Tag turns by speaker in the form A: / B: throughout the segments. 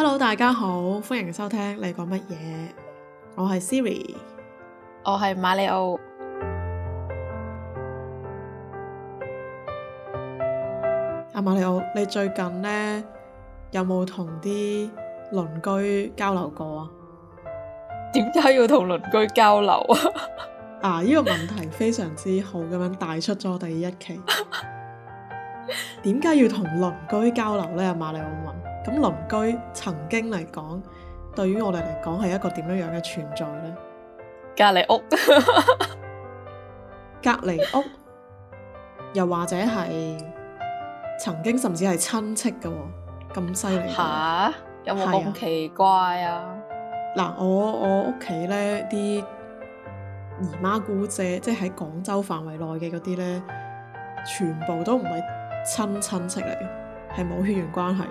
A: Hello，大家好，歡迎收聽。你講乜嘢？我係 Siri，我係瑪利奧。阿瑪利奧，你最近呢有冇同啲鄰居交流過啊？點解要同鄰居交流 啊？啊，呢個問題非常之好，咁樣帶出咗第一期。點解 要同鄰居交流呢？阿瑪利奧問。咁鄰居曾經嚟講，對於我哋嚟講係一個點樣樣嘅存在咧？隔離屋， 隔離屋，又或者係 曾經甚至係親戚嘅喎，咁犀利吓？有冇咁
B: 奇怪啊？
A: 嗱、啊，我我屋企咧啲姨媽姑姐，即係喺廣州範圍內嘅嗰啲咧，全部都唔係親親戚嚟嘅，係冇血緣關係。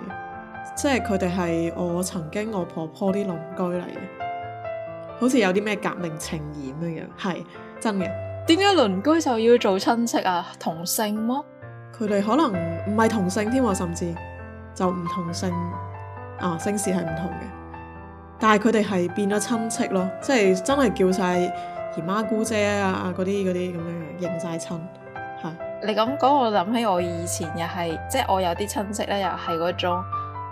A: 即係佢哋係我曾經我婆婆啲鄰居嚟嘅，好似有啲咩革命情誼咁樣，係真嘅。點解鄰居就要做親戚啊？同姓麼、啊？佢哋可能唔係同姓添、啊、喎，甚至就唔同姓，啊，姓氏係唔同嘅。但係佢哋係變咗親戚咯，即係真係叫晒姨媽姑姐啊嗰啲嗰啲咁樣樣認晒親。係你咁講，我諗起我
B: 以前又係，即係我有啲親戚咧，又係嗰種。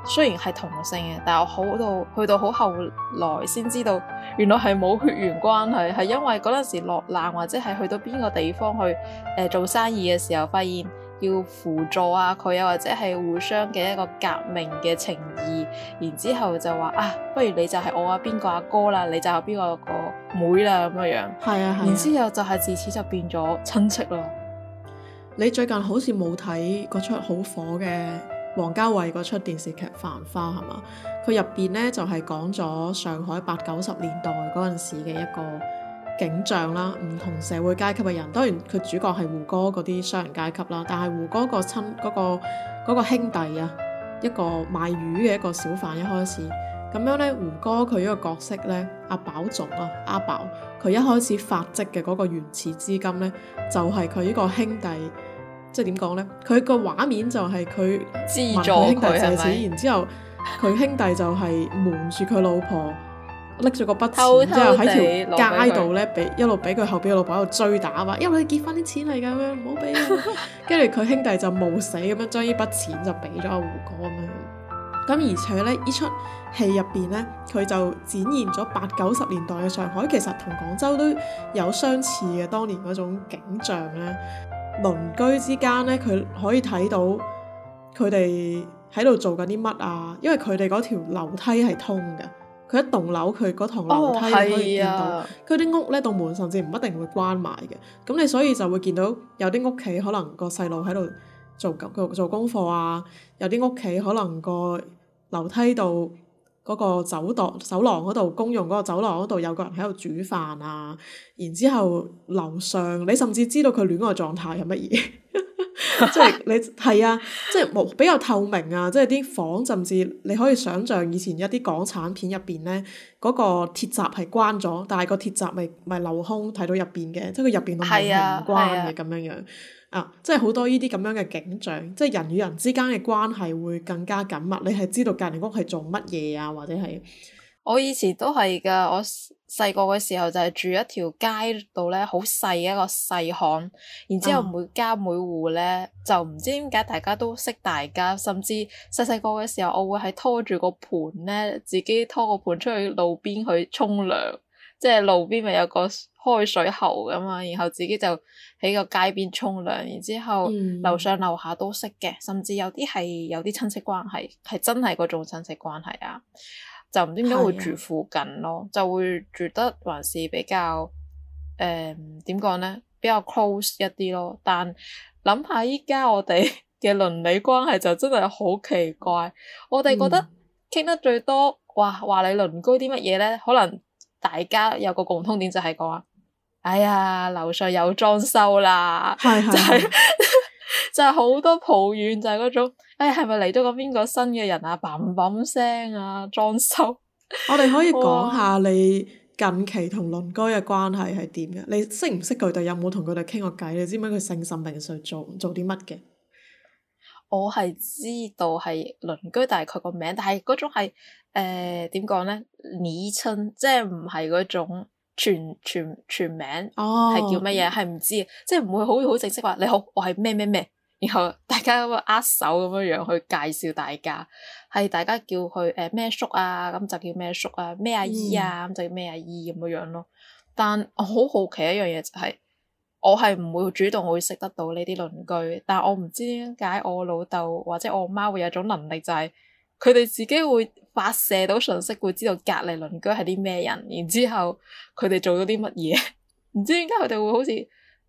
B: 雖然係同性嘅，但係好到去到好後來先知道，原來係冇血緣關係，係因為嗰陣時落難或者係去到邊個地方去誒、呃、做生意嘅時候，發現要輔助啊佢啊，或者係互相嘅一個革命嘅情誼，然之後就話啊，不如你就係我啊邊個阿、啊、哥啦，你就係邊個個、啊啊、妹啦咁樣樣。係
A: 啊，係、啊。然之後就係自此就變咗親戚咯。啊啊、戚你最近好似冇睇嗰出好火嘅。王家衛嗰出電視劇《繁花》係嘛？佢入邊咧就係講咗上海八九十年代嗰陣時嘅一個景象啦，唔同社會階級嘅人。當然佢主角係胡歌嗰啲商人階級啦，但係胡歌、嗰個親嗰個個兄弟啊，一個賣魚嘅，一個小販，一開始咁樣咧，胡歌佢呢個角色咧，阿寶仲啊，阿寶，佢一開始發跡嘅嗰個原始資金咧，就係佢呢個兄弟。即係點講呢？佢個畫面就係佢問佢兄弟借錢，是是然之後佢兄弟就係瞞住佢老婆拎住個筆錢，偷偷之後喺條街度咧俾一路俾佢後邊嘅老婆喺度追打嘛， 因為你結婚啲錢嚟噶，唔好俾。跟住佢兄弟就冒死咁樣將呢筆錢就俾咗阿胡歌啦。咁而且咧呢齣戲入邊呢，佢就展現咗八九十年代嘅上海，其實同廣州都有相似嘅當年嗰種景象咧。鄰居之間咧，佢可以睇到佢哋喺度做緊啲乜啊。因為佢哋嗰條樓梯係通嘅，佢一棟樓佢嗰堂樓梯可以見到佢啲、哦啊、屋咧，棟門甚至唔一定會關埋嘅。咁你所以就會見到有啲屋企可能個細路喺度做緊做做功課啊，有啲屋企可能個樓梯度。嗰個走道走廊嗰度，公用嗰個走廊嗰度有個人喺度煮飯啊，然之後樓上你甚至知道佢戀愛狀態係乜嘢。 即係 你係啊，即係冇比較透明啊，即係啲房甚至你可以想象以前一啲港產片入邊咧，嗰、那個鐵閘係關咗，但係個鐵閘咪咪漏空睇到入邊嘅，即係佢入邊同門面唔關嘅咁樣樣啊，即係好多呢啲咁樣嘅景象，即、就、係、是、人與人之間嘅關係會更加緊密，你係知道隔籬屋係做乜嘢啊，或者係。
B: 我以前都係噶，我細個嘅時候就係住一條街度咧，好細一個細巷。然之後每家每戶咧，就唔知點解大家都識大家，甚至細細個嘅時候，我會喺拖住個盆咧，自己拖個盆出去路邊去沖涼。即係路邊咪有個開水喉噶嘛，然後自己就喺個街邊沖涼。然之後樓上樓下都識嘅，甚至有啲係有啲親戚關係，係真係嗰種親戚關係啊。就唔知點解會住附近咯，的就會住得還是比較誒點講咧，比較 close 一啲咯。但諗下依家我哋嘅鄰里關係就真係好奇怪，我哋覺得傾、嗯、得最多話話你鄰居啲乜嘢咧，可能大家有個共通點就係講話，哎呀樓上有裝修啦，的 就係、是。 就係好多抱怨，就係嗰種，哎，係咪嚟咗個邊個新嘅人啊？砰砰聲啊，裝
A: 修。 我哋可以講下你近期同鄰居嘅關係係點嘅？你識唔識佢哋？有冇同佢哋傾過偈？你知唔知佢姓甚名誰？做做啲乜嘅？
B: 我係知道係鄰居，但係佢個名，但係嗰種係，誒、呃，點講咧？暱親，即係唔係嗰種。全全全名係叫乜嘢係唔知、嗯、即係唔會好好正式話你好，我係咩咩咩，然後大家握手咁樣樣去介紹大家，係大家叫佢誒咩叔啊，咁就叫咩叔啊，咩阿姨啊，咁就叫咩阿姨咁樣樣咯。但我好好奇一樣嘢就係、是，我係唔會主動會識得到呢啲鄰居，但我唔知點解我老豆或者我媽,媽會有種能力就係、是。佢哋自己會發射到信息，會知道隔離鄰居係啲咩人，然之後佢哋做咗啲乜嘢，唔 知點解佢哋會好似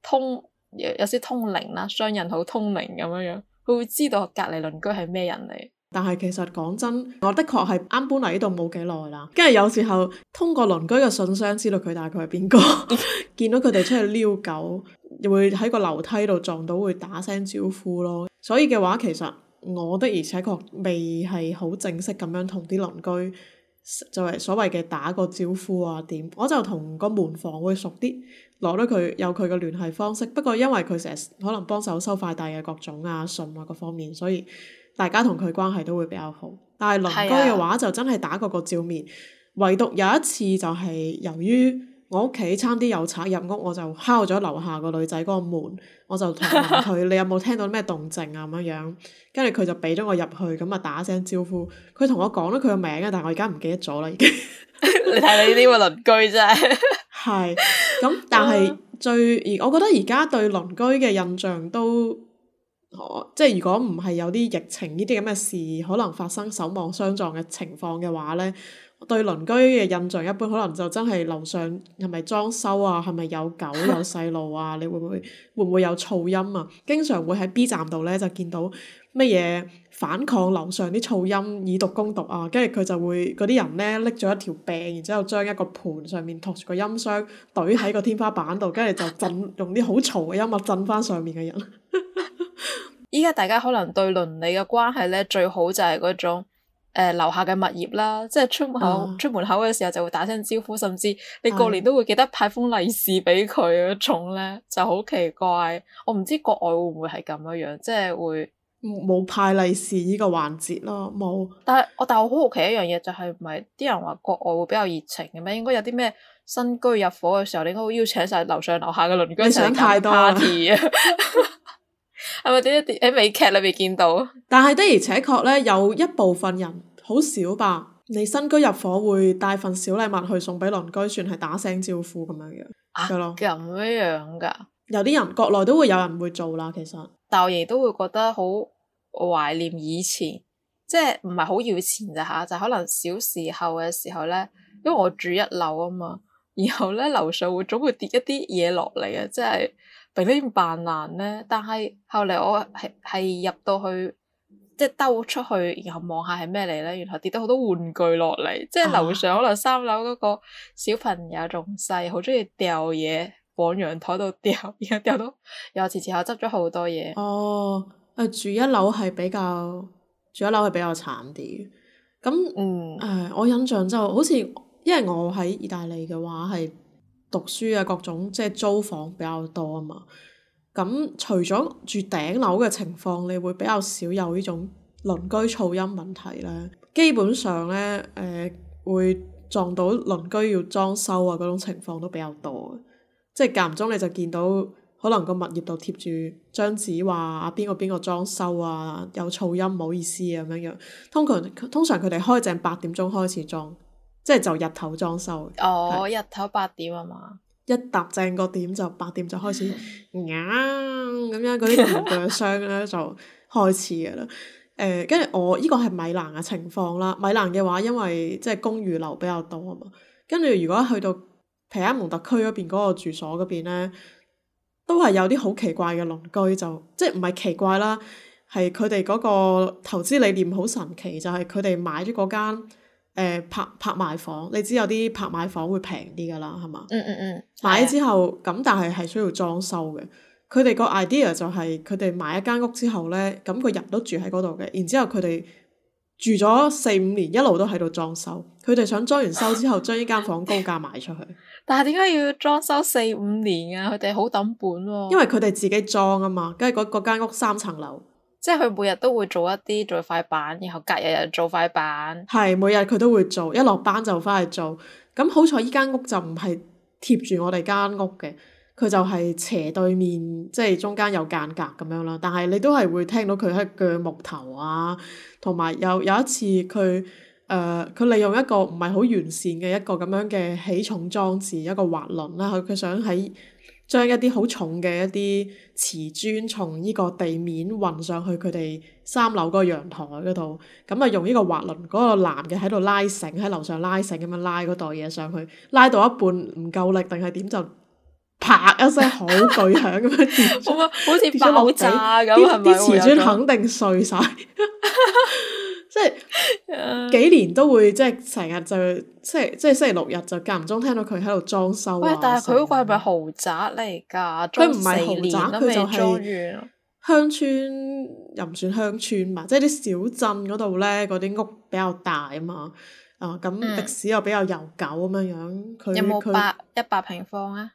B: 通有有啲通靈啦，商人好通靈咁樣樣，
A: 佢會知道隔離鄰居係咩人嚟。但係其實講真，我的確係啱搬嚟呢度冇幾耐啦，跟住有時候通過鄰居嘅信箱知道佢大概係邊個， 見到佢哋出去遛狗，會喺個樓梯度撞到會打聲招呼咯。所以嘅話，其實。我的而且確未係好正式咁樣同啲鄰居作為所謂嘅打個招呼啊點，我就同個門房會熟啲，攞咗佢有佢嘅聯繫方式。不過因為佢成日可能幫手收快遞啊各種啊信啊各方面，所以大家同佢關係都會比較好。但係鄰居嘅話、啊、就真係打個個照面，唯獨有一次就係由於。我屋企差啲有賊入屋，我就敲咗樓下個女仔嗰個門，我就同佢： 你有冇聽到咩動靜啊？咁樣樣，跟住佢就畀咗我入去，咁啊打聲招呼。佢同我講咗佢個名啊，但係我而家唔記得咗啦。已經 你你已，你睇你呢個鄰居啫，係。係，咁但係最而，我覺得而家對鄰居嘅印象都，即係如果唔係有啲疫情呢啲咁嘅事可能發生守望相助嘅情況嘅話咧。對鄰居嘅印象一般，可能就真係樓上係咪裝修啊？係咪有狗有細路啊？你會唔會會唔會有噪音啊？經常會喺 B 站度咧就見到乜嘢反抗樓上啲噪音以毒攻毒啊！跟住佢就會嗰啲人咧拎咗一條柄，然之後將一個盤上面托住個音箱懟喺個天花板度，跟住就震，用啲好嘈嘅音樂震翻上面嘅人。依 家
B: 大家可能對鄰里嘅關係咧，最好就係嗰種。誒、呃、樓下嘅物業啦，即係出門口、啊、出門口嘅時候就會打聲招呼，甚至你過年都會記得派封利是俾佢嗰種咧，哎、呀就好奇怪。我唔知國外會唔會係咁樣樣，即係會
A: 冇派利是呢個環節咯，冇。
B: 但係我但係我好好奇一樣嘢，就係唔係啲人話國外會比較熱情嘅咩？應該有啲咩新居入伙嘅時候，你應該會邀請晒樓上樓下嘅鄰居一齊 party 啊？你想太多 係咪啲喺美劇裏邊見到？
A: 但係的而且確咧，有一部分人好少吧。你新居入伙會帶份小禮物去送俾鄰居，算係打聲招呼咁樣、啊、吧樣，係咯？咁樣樣噶，有啲人國內都會有人會做啦。其實，
B: 但係亦都會覺得好懷念以前，即係唔係好要錢咋吓？就是、可能小時候嘅時候咧，因為我住一樓啊嘛，然後咧樓上會總會跌一啲嘢落嚟啊，即係。俾呢件扮爛咧，但係後嚟我係係入到去，即係兜出去，然後望下係咩嚟咧？原來跌到好多玩具落
A: 嚟，即係樓
B: 上、啊、可能三樓嗰個小朋友仲細，好中意掉嘢往陽台度掉，然後掉到
A: 又次次又執咗好多嘢。哦，誒住一樓係比較住一樓係比較慘啲嘅。咁嗯誒、呃，我印象就好似因為我喺意大利嘅話係。讀書啊，各種即係租房比較多啊嘛。咁除咗住頂樓嘅情況，你會比較少有呢種鄰居噪音問題咧。基本上咧，誒、呃、會撞到鄰居要裝修啊嗰種情況都比較多嘅。即係間唔中你就見到可能個物業度貼住張紙話啊，邊個邊個裝修啊，有噪音唔好意思啊咁樣樣。通常通常佢哋開正八點鐘開始裝。即係就日頭裝修，
B: 哦，是日頭八點係、啊、嘛？
A: 一搭正個點就八點就開始硬咁、 嗯、樣，嗰啲電鋸聲咧就開始噶啦。誒、呃，跟住我依、這個係米蘭嘅情況啦。米蘭嘅話，因為即係公寓樓比較多啊嘛。跟住如果去到皮埃蒙特區嗰邊嗰個住所嗰邊咧，都係有啲好奇怪嘅鄰居就，就即係唔係奇怪啦，係佢哋嗰個投資理念好神奇，就係佢哋買咗嗰間。誒、呃、拍拍賣房，你知有啲拍賣房會平啲㗎啦，係嘛？嗯嗯嗯。啊、買咗之後咁，但係係需要裝修嘅。佢哋個 idea 就係佢哋買一間屋之後咧，咁佢人都住喺嗰度嘅，然之後佢哋住咗四五年，一路都喺度裝修。佢哋想裝完修之後將呢間房高價賣出去。 但係點解要裝修四五年啊？佢哋好抌本喎、啊。因為佢哋自己裝啊嘛，跟住嗰嗰間屋三層樓。
B: 即係佢每日都會做一啲做塊板，然後隔日又做塊板。
A: 係每日佢都會做，一落班就翻去做。咁好彩，依間屋就唔係貼住我哋間屋嘅，佢就係斜對面，即係中間有間隔咁樣啦。但係你都係會聽到佢喺鋸木頭啊，同埋有有，有一次佢誒佢利用一個唔係好完善嘅一個咁樣嘅起重裝置一個滑輪啦，佢佢想喺。將一啲好重嘅一啲瓷磚從呢個地面運上去佢哋三樓嗰個陽台嗰度，咁啊用呢個滑輪，嗰、嗰個男嘅喺度拉繩喺樓上拉繩咁樣拉嗰袋嘢上去，拉到一半唔夠力定係點就啪一聲好巨響咁樣跌出，
B: 好似爆炸咁，啲 瓷磚肯
A: 定碎晒。
C: 即係幾年
A: 都會，即係成日就即係即係星期六日就間唔中聽到佢喺度裝修。但係佢嗰個係咪豪宅
B: 嚟㗎？佢唔係豪宅，佢就係
A: 鄉村又唔算鄉村嘛，即係啲小鎮嗰度咧，嗰啲屋比較大啊嘛啊！咁歷史又比較悠久咁樣樣，佢、嗯、有冇百一
B: 百佢平方啊？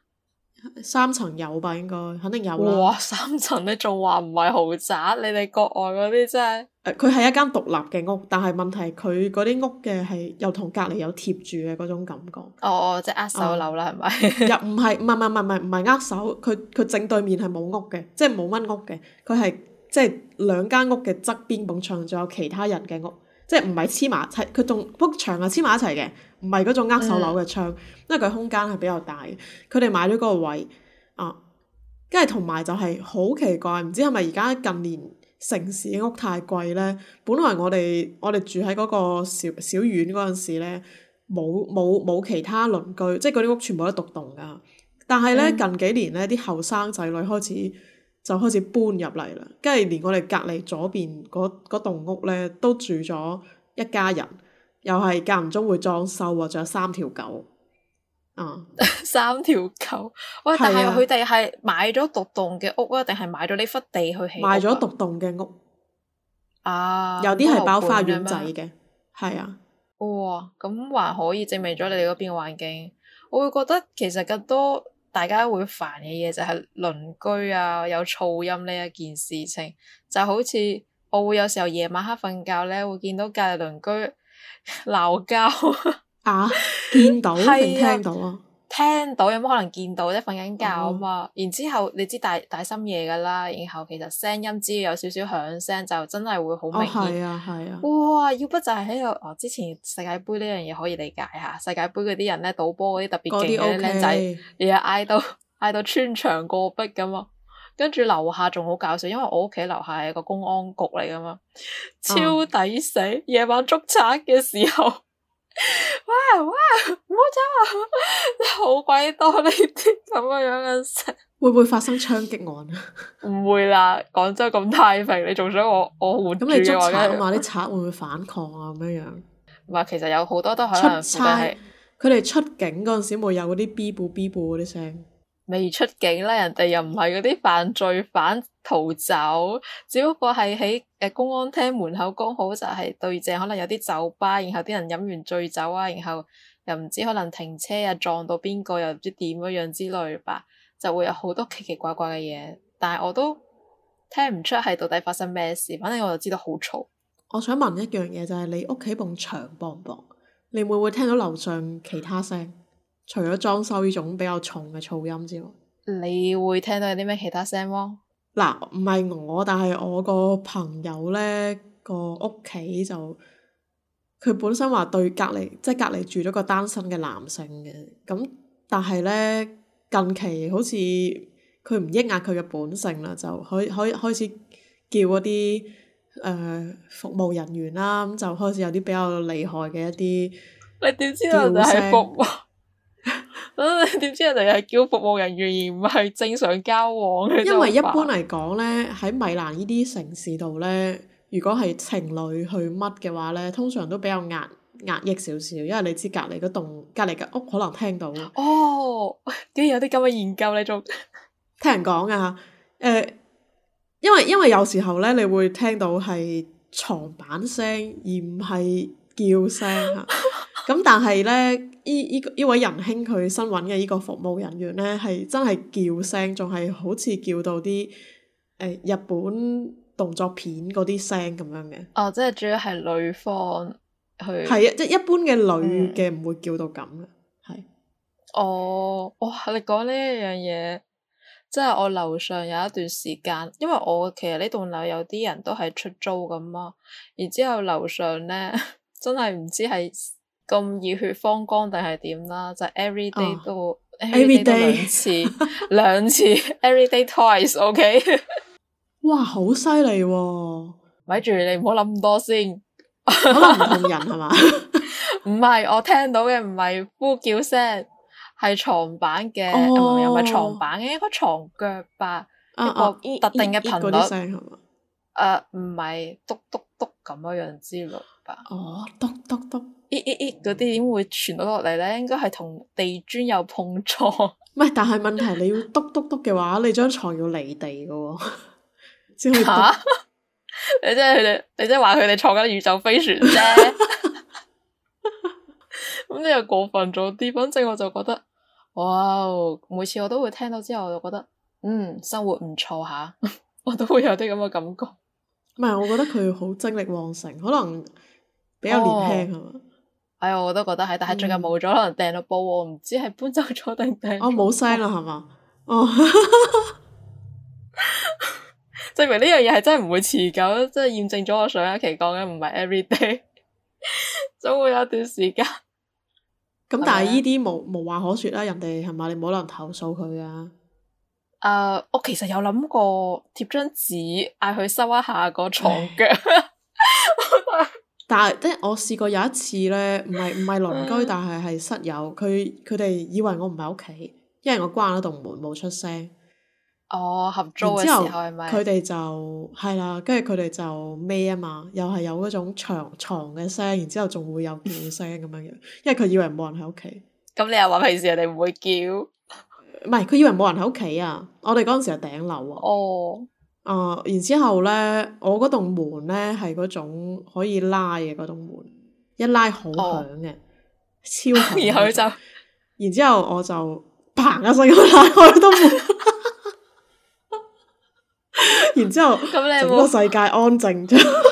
A: 三層有吧？應該肯定有啦。哇！三層你仲話唔係豪宅？你哋國外嗰啲真係。佢係、呃、一間獨立嘅屋，但係問題佢嗰啲屋嘅係又同隔籬有貼住嘅嗰種感覺。
B: 哦哦，即係握手樓
A: 啦，係咪、呃？又唔係唔係唔係唔係唔係握手，佢佢正對面係冇屋嘅，即係冇乜屋嘅。佢係即係兩間屋嘅側邊埲牆，仲有其他人嘅屋，即係唔係黐埋一齊？佢仲埲牆係黐埋一齊嘅。唔係嗰種握手樓嘅窗，因為佢空間係比較大。佢哋買咗嗰個位啊，跟住同埋就係好奇怪，唔知係咪而家近年城市嘅屋太貴咧？本來我哋我哋住喺嗰個小小院嗰陣時咧，冇冇冇其他鄰居，即係嗰啲屋全部都獨棟㗎。但係咧、嗯、近幾年咧，啲後生仔女開始就開始搬入嚟啦，跟住連我哋隔離左邊嗰嗰棟屋咧都住咗一家人。又係間唔中會裝修啊，仲有三條狗啊，嗯、 三條狗喂，但係佢哋
B: 係買咗獨棟嘅屋啊，定係買咗呢忽地去起？買
A: 咗獨棟嘅屋啊，屋啊
B: 有啲係包花園仔嘅，係啊哇！咁還可以證明咗你哋嗰邊嘅環境。我會覺得其實更多大家會煩嘅嘢就係、是、鄰居啊，有噪音呢一件事情就是、好似我會有時候夜晚黑瞓覺咧，會見到隔籬鄰居。鬧交
A: 吵 啊！見到定聽到 啊？
B: 聽到有冇可能見到咧？瞓緊覺啊嘛，哦、然之後你知，你知大大深夜噶啦，然後其實聲音只要有少少響聲，就真係會好明顯、哦、啊！係啊，哇！要不就係喺度哦，之前世界杯呢樣嘢可以理解下，世界杯嗰啲人咧賭波嗰啲特別勁嘅靚仔，日日嗌到嗌到穿牆過壁咁啊！跟住樓下仲好搞笑，因為我屋企樓下係個公安局嚟噶嘛，超抵死。夜、嗯、晚捉賊嘅時候，哇哇唔好走、啊，真係好鬼多呢啲咁嘅樣
A: 嘅聲。會唔會發生槍擊案啊？唔會啦，廣州咁太平，你仲
B: 想我我換？咁你捉賊嘛？啲
A: 賊會唔會反抗啊？咁樣樣？
B: 唔，其實有好多都
A: 可能，但係佢哋出境嗰陣時冇有嗰啲嗶嗶嗶嗰啲聲。未
B: 出境啦，人哋又唔係嗰啲犯罪犯逃走，只不過係喺誒公安廳門口，剛好就係對正可能有啲酒吧，然後啲人飲完醉酒啊，然後又唔知可能停車啊撞到邊個，又唔知點樣樣之類吧，就會有好多奇奇怪怪嘅嘢，但係我都聽唔出係到底發生咩
A: 事，反正我就知道好嘈。我想問一樣嘢，就係、是、你屋企埲牆薄唔薄？你會唔會聽到樓上其他聲？除咗裝修呢種比較重嘅噪音之外，你會聽到有啲咩其他聲麼？嗱，唔係我，但係我個朋友咧個屋企，就佢本身話對隔離，即係隔離住咗個單身嘅男性嘅，咁，但係咧近期好似佢唔抑壓佢嘅本性啦，就可以，可以開始叫嗰啲誒服務人員啦，咁就開始有啲比較厲害嘅一啲。
B: 你點知道就係服咁點、啊、知人哋係叫服務人員而唔係正常交往？因為一般
A: 嚟講咧，喺、嗯、米蘭呢啲城市度咧，如果係情侶去乜嘅話咧，通常都比較壓壓抑少少，因為你知隔籬嗰棟隔籬嘅屋可能聽到。哦，竟然有啲咁嘅研究你，你 仲聽人講啊？誒、呃，因為因為有時候咧，你會聽到係床板聲而唔係叫聲吓。 咁、嗯、但係咧，依依依位仁兄佢新揾嘅依個服務人員咧，係真係叫聲，仲係好似叫到啲誒、呃、日本動作片嗰啲聲咁樣嘅。
B: 哦，即係主要係女方去。係啊，即、就、係、
A: 是、一般嘅女嘅唔、嗯、會叫到咁嘅。係、
B: 哦。哦，哇！你講呢一樣嘢，即係我樓上有一段時間，因為我其實呢棟樓有啲人都係出租咁嘛，然之後樓上咧真係唔知係。咁熱血方剛定係點啦？就 every day 都 every day 兩次兩次，every day twice，OK？Okay？
A: 哇，好犀利喎！
B: 咪住，你唔好諗咁多
A: 先。可能唔 同人係嘛？唔係
B: 我聽到嘅唔係呼叫聲，係床板嘅，咁又唔係床板嘅，應該床腳吧？Oh. 一個特定嘅頻率。啊、oh. uh, uh. uh,，唔係，篤篤篤咁樣樣之類。
A: 哦，篤篤
B: 篤，咦咦咦，嗰啲點會傳到落嚟咧？應該係同地磚有碰撞。唔係，但係問題你要
A: 篤篤篤嘅話，你張床要離地嘅。吓、啊 就是，
B: 你即係你，你即係話佢哋坐緊宇宙飛船啫。咁你 又過分咗啲，反正我就覺得，哇，每次我都會聽到
A: 之後，我就覺得，嗯，生活唔錯吓，
B: 我都會有啲咁嘅感覺。唔
A: 係，我覺得佢好精力旺盛，可能。比較年輕係嘛？哦、嗎哎呀，我都
B: 覺得係，嗯、但係最近冇咗，可能訂到煲，唔知係搬走咗定定？哦，冇聲啦，係嘛？哦，證明呢樣嘢係真係唔會持久，即係驗證咗我上一期講嘅，唔係 every day，總會有段時間。
A: 咁、嗯、嗎但係呢啲無無話可說啦，人哋係嘛，你冇可能投訴佢噶。
B: 誒、呃，我其實有諗過貼張紙嗌佢收一下
A: 個床腳。但係，即係我試過有一次咧，唔係唔係鄰居，但係係室友，佢佢哋以為我唔喺屋企，因為我關咗棟門冇出聲。哦，合租嘅時候係咪？佢哋就係啦，跟住佢哋就咩啊嘛，又係有嗰種長床嘅聲，然之後仲會有叫聲咁樣樣， 因為佢以為冇人喺屋企。
B: 咁、嗯、你又話平時人哋唔會叫？
A: 唔係，佢以為冇人喺屋企啊！我哋嗰陣時係頂樓啊。哦。啊！Uh, 然之後咧，我嗰棟門咧係嗰種可以拉嘅嗰棟門，一拉好響嘅，oh. 超響。然後就，然之後我就嘭一聲咁拉開棟門， 然之後咁你整個世界安靜咗，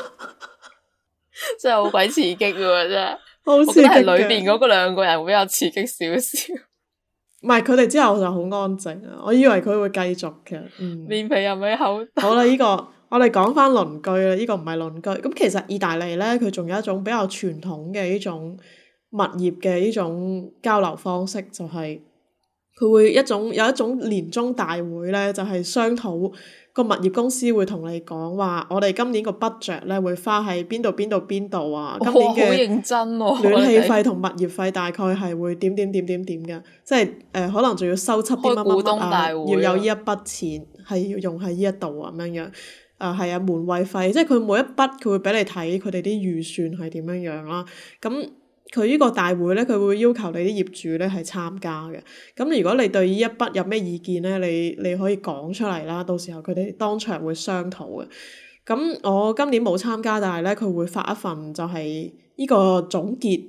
A: 真係好鬼刺激
B: 嘅真係。我覺得係裏邊嗰個兩個人比較刺激少少。
A: 唔係，佢哋之後就好安靜啊！我以為佢會繼續嘅。嗯、
B: 面皮又咪好
A: 厚。 好啦，呢、這個我哋講翻鄰居啦。呢個唔係鄰居。咁、這個、其實意大利咧，佢仲有一種比較傳統嘅呢種物業嘅呢種交流方式，就係、是、佢會一種有一種年終大會咧，就係、是、商討。個物業公司會同你講話，我哋今年個 budget 呢會花喺邊度邊度邊度啊！哇今年嘅
B: 暖氣費同物
A: 業費大概係會點點點點點嘅，即係誒、呃、可能仲要收七啲乜乜要有呢一筆錢係要用喺呢一度啊咁樣樣，啊係啊門衞費，即係佢每一筆佢會俾你睇佢哋啲預算係點樣樣啦，咁。佢呢個大會咧，佢會要求你啲業主咧係參加嘅。咁如果你對呢一筆有咩意見咧，你你可以講出嚟啦。到時候佢哋當場會商討嘅。咁我今年冇參加，但係咧佢會發一份就係呢個總結，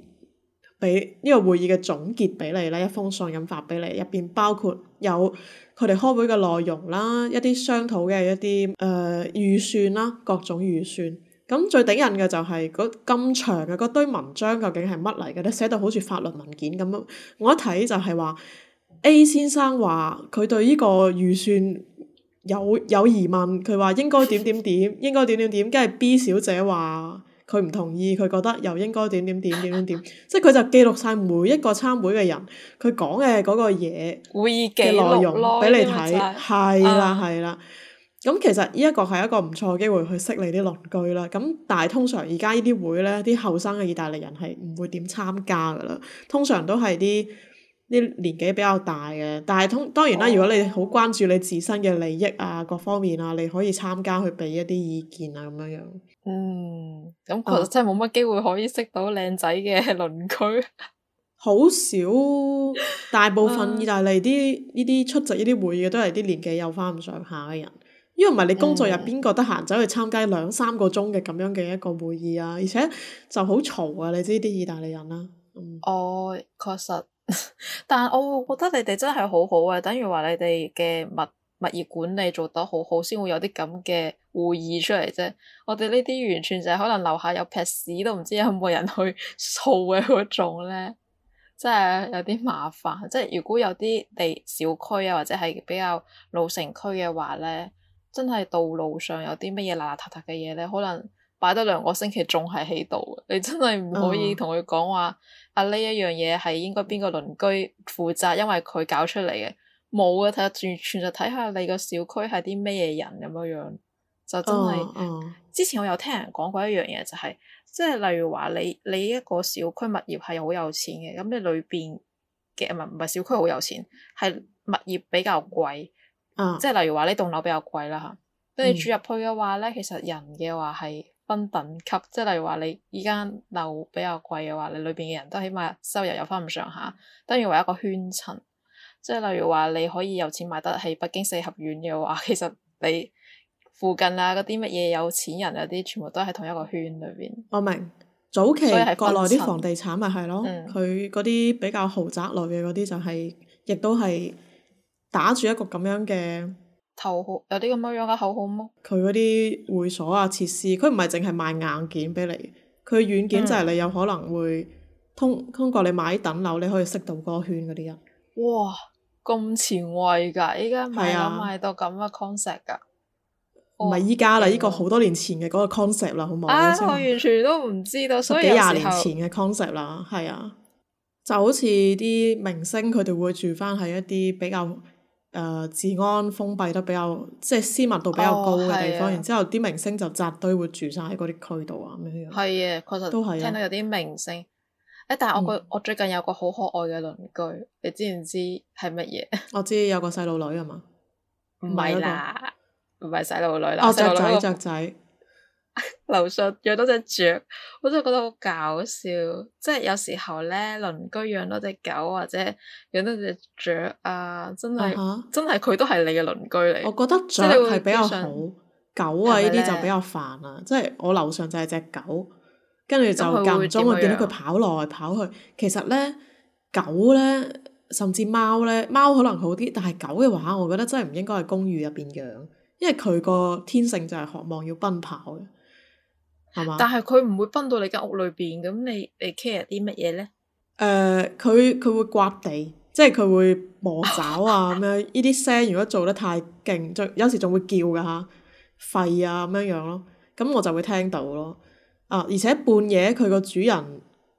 A: 俾呢、呢個會議嘅總結俾你啦，一封信咁發俾你。入邊包括有佢哋開會嘅內容啦，一啲商討嘅一啲誒預算啦，各種預算。咁最頂癮嘅就係嗰咁長嘅嗰堆文章究竟係乜嚟嘅咧？寫到好似法律文件咁咯。我一睇，就係話 A 先生話佢對呢個預算有有疑問，佢話應該點點點，應該點點點。跟住 B 小姐話佢唔同意，佢覺得又應該點點點點點點。即係佢就記錄晒每一個參會嘅人，佢講嘅嗰個嘢，會議記錄內容俾你睇，係啦係啦。啊咁其實呢一個係一個唔錯嘅機會去識你啲鄰居啦。咁但係通常而家呢啲會咧，啲後生嘅意大利人係唔會點參加㗎啦。通常都係啲啲年紀比較大嘅。但係通當然啦，哦、如果你好關注你自身嘅利益啊，各方面啊，你可以參加去俾一啲意見啊，咁樣樣。嗯，咁確實、啊、真
B: 係冇乜機會可以識到靚仔嘅鄰居，
A: 好少。 大部分意大利啲呢啲出席呢啲會嘅都係啲年紀有翻咁上下嘅人。因為唔係你工作入邊覺得閒走去參加兩三個鐘嘅咁樣嘅一個會議啊，而且就好嘈啊！你知啲意大利人啦、
B: 啊，哦、嗯，確實，但係我覺得你哋真係好好、啊、嘅，等於話你哋嘅物物業管理做得好好，先會有啲咁嘅會議出嚟啫。我哋呢啲完全就係可能樓下有劈屎都唔知有冇人去掃嘅嗰種咧，真係有啲麻煩。即係如果有啲地小區啊，或者係比較老城區嘅話咧，真係道路上有啲乜嘢邋邋遢遢嘅嘢咧，可能擺得兩個星期仲係喺度。你真係唔可以同佢講話、嗯、啊！呢一樣嘢係應該邊個鄰居負責，因為佢搞出嚟嘅冇嘅，睇全全就睇下你個小區係啲咩嘢人咁樣樣，就真係。嗯嗯，之前我有聽人講過一樣嘢、就係，就係即係例如話你你一個小區物業係好有錢嘅，咁你裏邊嘅唔係唔係小區好有錢，係物業比較貴。啊、即係例如話，呢棟樓比較貴啦吓，你住入去嘅話咧，嗯、其實人嘅話係分等級，即係例如話你依間樓比較貴嘅話，你裏邊嘅人都起碼收入有翻咁上下，當然為一個圈層。即係例如話你可以有錢買得起北京四合院嘅話，其實你附近啊嗰啲乜嘢有錢人啊啲，
A: 全部都喺同一個圈裏邊。我明早期國內啲房地產咪係咯，佢嗰啲比較豪宅類嘅嗰啲就係、是，亦都係。打住一個咁樣嘅頭，有啲咁樣嘅口號麼？佢嗰啲會所啊，設施佢唔係淨係賣硬件畀你，佢軟件就係你有可能會通、嗯、通過你買等樓，你可以識到嗰個圈嗰啲人。
B: 哇！咁前衞㗎，依家賣樓賣到咁嘅 concept
A: 㗎，唔係依家啦，呢、哦、個好多年前嘅嗰個 concept 啦，好唔好、啊啊？我完
B: 全都唔知道，所以十幾廿年前
A: 嘅 concept 啦，係啊，就好似啲明星佢哋會住翻喺一啲比較。誒、呃、治安封閉得比較，即係私密度比較高嘅地方，哦啊、然之後啲明星就扎堆會住晒喺嗰啲區度啊咁樣。係
B: 啊，確實都係啊。聽到有啲明星，誒，但係我、嗯、我最近有個好可愛嘅鄰居，你知唔知係乜嘢？
A: 我知有個細路女係嘛？唔係啦，
B: 唔係細路女啦，哦、那個雀，雀仔雀仔。樓上養多隻雀，我真係覺得好搞笑。即係有時候咧，鄰居養多隻狗或者養多隻雀啊，真係、uh huh. 真係佢都係你嘅鄰居嚟。我覺得雀係比較好，
A: 狗啊呢啲就比較煩啦。吧即係我樓上就係隻狗，跟住就間中會我見到佢跑來跑去。其實咧，狗咧甚至貓咧，貓可能好啲，但係狗嘅話，我覺得真係唔應該喺公寓入邊養，因為佢個天性就係渴望要奔跑嘅。但係
B: 佢唔會奔到你間屋裏邊，咁你你 care 啲乜嘢呢？誒、
A: 呃，佢佢會刮地，即係佢會磨爪啊，咩？ 依啲聲如果做得太勁，仲有時仲會叫噶吓，吠啊咁樣樣咯。咁我就會聽到咯。啊，而且半夜佢個主人，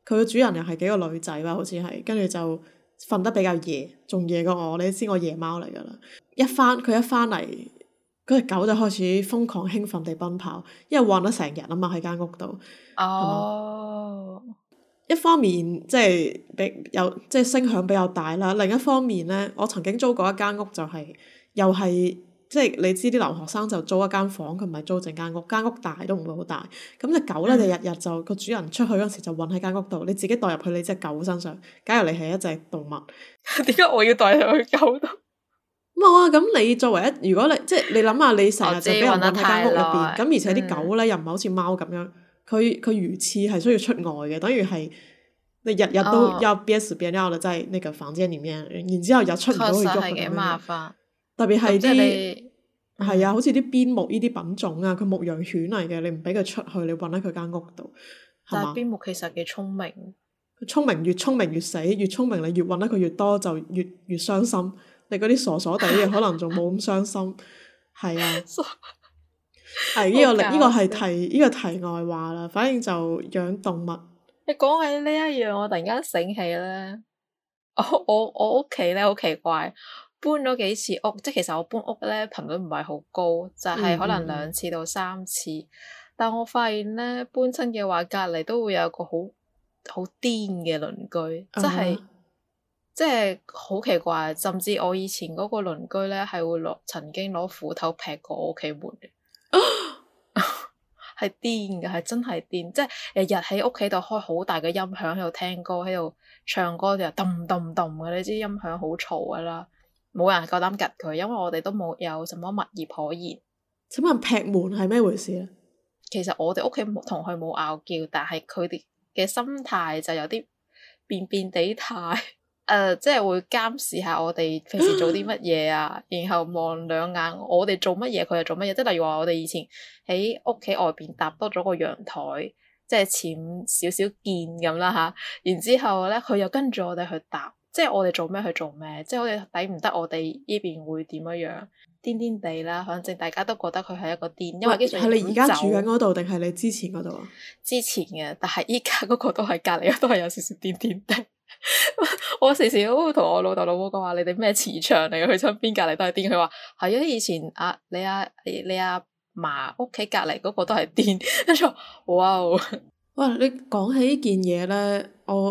A: 佢個主人又係幾個女仔啦，好似係，跟住就瞓得比較夜，仲夜過我你知我夜貓嚟噶啦。一翻佢一翻嚟。嗰隻狗就開始瘋狂興奮地奔跑，因為韞咗成日啊嘛喺間屋度。哦、
B: oh.，
A: 一方面即係比有即係、就是、聲響比較大啦，另一方面咧，我曾經租過一間屋就係、是、又係即係你知啲留學生就租一間房，佢唔係租整間屋，間屋大都唔會好大。咁、那、隻、個、狗咧、oh. 就日日就個主人出去嗰時就韞喺間屋度，你自己代入去你隻狗身上。假如你係一隻動物，
B: 點解我要代入去
A: 狗度？冇啊！咁你作為一，如果你即係你諗下，你成日就俾人困喺間屋入邊，咁而且啲狗咧又唔係好似貓咁樣，佢佢魚刺係需要出外嘅，等於係你日日都有邊屎邊尿啦，即係呢個房間裏面，然之後又出唔到去喐，咁麻煩。特別係啲係啊，好似啲邊牧呢啲品種啊，佢牧羊犬嚟嘅，你唔俾佢出去，你困喺佢間屋度，係嘛？但邊
B: 牧其實幾聰明，
A: 聰明越聰明越死，越聰明你越困得佢越多，就越越傷心。你嗰啲傻傻哋嘅 可能仲冇咁傷心，係啊，係呢個呢 個係題呢 個題外話啦。反正就養動物。
B: 你講起呢一樣，我突然間醒起咧，我我屋企咧好奇怪，搬咗幾次屋，即係其實我搬屋咧頻率唔係好高，就係，是，可能兩次到三次。嗯、但我發現咧搬親嘅話，隔籬都會有個好好癲嘅鄰居，即係。 即係好奇怪，甚至我以前嗰個鄰居咧，係會落曾經攞斧頭劈過我屋企門的，係癲嘅，係真係癲。即係日日喺屋企度開好大嘅音響喺度聽歌，喺度唱歌就咚咚咚嘅，你知音響好嘈噶啦。冇人夠膽夾佢，因為我哋都冇有什麼物業可言。
A: 請問劈門係咩回事咧？其實
B: 我哋屋企冇同佢冇拗叫，但係佢哋嘅心態就有啲變變地態。誒、呃，即係會監視下我哋平時做啲乜嘢啊，然後望兩眼，我哋做乜嘢佢又做乜嘢。即係例如話我哋以前喺屋企外邊搭多咗個陽台，即係淺少少見咁啦吓。然之後咧，佢又跟住我哋去搭，即係我哋做咩去做咩，即係我哋抵唔得我哋呢邊會點樣癲癲地啦。反正大家都覺得佢係一個癲，喂因為經常你而家住緊嗰
A: 度定係你之前嗰度啊？
B: 之前嘅，但係依家嗰個都係隔籬，都係有少少癲癲地。 我時時都會同我老豆老母講話，你哋咩磁場嚟？去親邊隔籬都係癲。佢話係啊，以前啊，你阿、啊、你阿嫲屋企隔籬嗰個都係癲。跟
A: 住，哇、哦！哇！你講起呢件嘢咧，我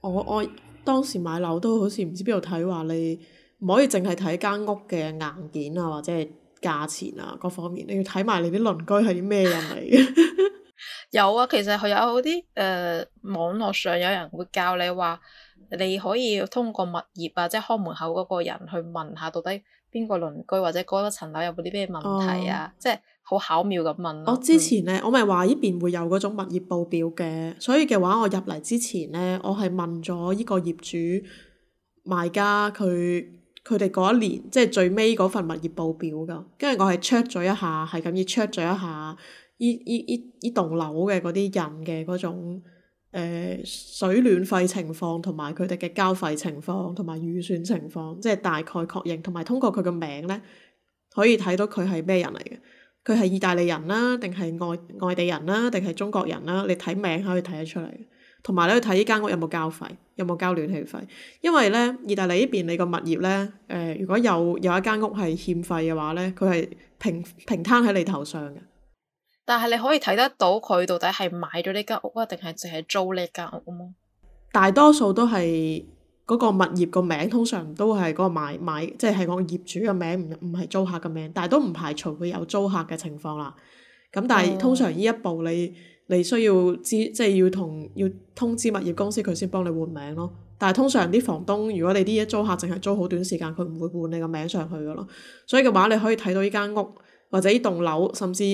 A: 我我當時買樓都好似唔知邊度睇，話你唔可以淨係睇間屋嘅硬件啊，或者係價錢啊，各方面，你要睇埋你啲鄰居係啲咩人嚟。
B: 有啊，其實佢有嗰啲誒，網絡上有人會教你話，你可以通過物業啊，即係開門口嗰個人去問下，到底邊個鄰居或者嗰一層樓有冇啲咩問題啊？哦、即係好巧妙噉問我、
A: 哦、之前咧，嗯、我咪話呢邊會有嗰種物業報表嘅，所以嘅話，我入嚟之前咧，我係問咗依個業主賣家佢佢哋嗰一年，即係最尾嗰份物業報表噶，跟住我係 check 咗一下，係咁要 check 咗一下。依依依依棟樓嘅嗰啲人嘅嗰種，誒、呃、水暖費情況同埋佢哋嘅交費情況同埋預算情況，即係大概確認。同埋通過佢嘅名咧，可以睇到佢係咩人嚟嘅。佢係意大利人啦、啊，定係外外地人啦、啊，定係中國人啦、啊？你睇名可以睇得出嚟。同埋咧，去睇依間屋有冇交費，有冇交暖氣費？因為咧，意大利呢邊你個物業咧，誒、呃、如果有有一間屋係欠費嘅話咧，佢係平平攤喺你頭上嘅。
B: 但係你可以睇得到佢到底係買咗呢間屋啊，定係淨係租呢間屋啊？
A: 大多數都係嗰個物業個名，通常都係嗰個買買，即係講業主嘅名，唔唔係租客嘅名。但係都唔排除會有租客嘅情況啦。咁但係通常呢一步你，你你需要知，即係要同要通知物業公司，佢先幫你換名咯。但係通常啲房東，如果你啲租客淨係租好短時間，佢唔會換你個名上去噶咯。所以嘅話，你可以睇到呢間屋或者呢棟樓，甚至。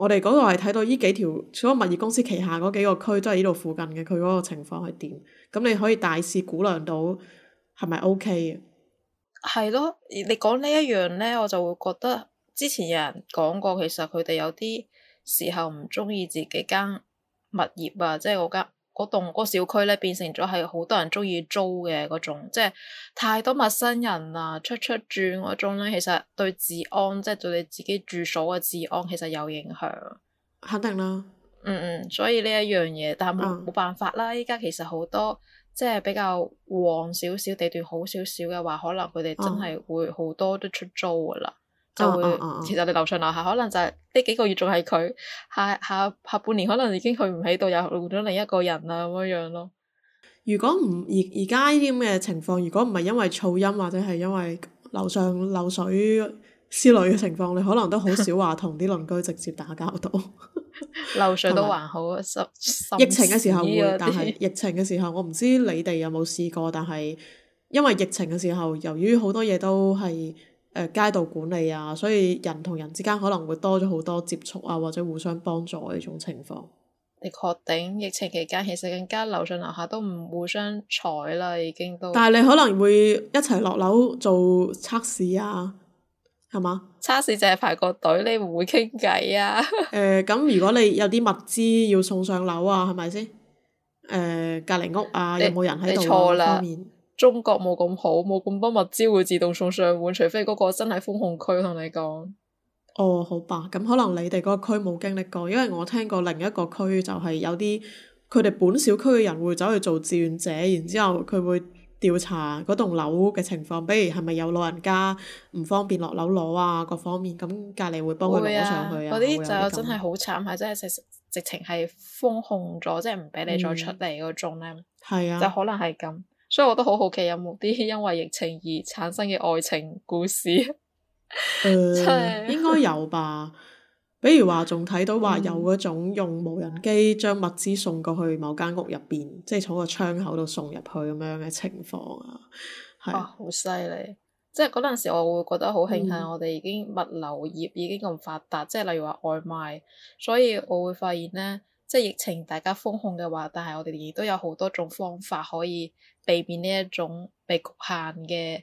A: 我哋嗰度係睇到呢幾條，所有物業公司旗下嗰幾個區都係呢度附近嘅，佢嗰個情況係點？咁你可以大肆估量到係咪 OK 啊？係咯，你講呢一樣
B: 咧，我就會覺得之前有人講過，其實佢哋有啲時候唔中意自己間物業啊，即係我間。嗰棟個小區咧，變成咗係好多人中意租嘅嗰種，即係太多陌生人啊出出轉嗰種咧，其實對治安即係對你自己住所嘅治安其實有影響，肯定啦。嗯嗯，所以呢一樣嘢，但係冇冇辦法啦。依家其實好多即係比較旺少少地段好少少嘅話，可能佢哋真係會好多都出租噶啦。就會、啊啊、其實你樓上樓下可能就係呢幾個月仲係，佢下下下半年可能已經去唔喺度，又換咗另一個人啦咁樣樣咯。
A: 如果唔而而家呢啲咁嘅情況，如果唔係因為噪音或者係因為樓上漏水之類嘅情況，你可能都好少話同啲鄰居直接打交道。漏水 都還好，
B: 疫疫情嘅時候會，但係
A: 疫情嘅時候我唔知你哋有冇試過？但係因為疫情嘅時候，由於好多嘢都係。呃、街道管理啊，所以人同人之間可能會多咗好多接觸啊，或者互相幫助呢種情況。
B: 你確定疫情期間其實更加樓上樓下都唔互相睬啦，已經都。但係你可能
A: 會一齊落樓做測試啊，
B: 係嘛？測試就係排個隊，你唔會傾偈啊。
A: 誒、 呃，咁如果你有啲物資要送上樓啊，係咪先？誒、呃，隔籬屋啊，你有冇人喺度、啊？你錯
B: 中國冇咁好，冇咁多物資會自動送上門，除非嗰個真係封
A: 控區。我同你講，哦，好吧，咁可能你哋嗰個區冇經歷過，因為我聽過另一個區就係有啲佢哋本小區嘅人會走去做志願者，然之後佢會調查嗰棟樓嘅情況，比如係咪有老人家唔方便落樓攞啊，啊各方面。咁隔籬會幫佢攞上去啊。嗰啲、啊、些就真係
B: 好慘、啊，係真係直情係封控咗，即係唔俾你再出嚟嗰種咧。係啊、嗯，就可能係咁。所以我都好好奇有冇啲因為疫情而產生嘅愛情故事，
C: 誒、 嗯， 應該
A: 有吧？比如話仲睇到話、嗯、有嗰種用無人機將物資送過去某間屋入邊，即係從個窗口度送入去咁樣嘅情況啊，哇，
B: 好犀利！即係嗰陣時我會覺得好慶幸，我哋已經物流業已經咁發達，嗯、即係例如話外賣，所以我會發現呢，即係疫情大家封控嘅話，但係我哋亦都有好多種方法可以。避免呢一種被局限嘅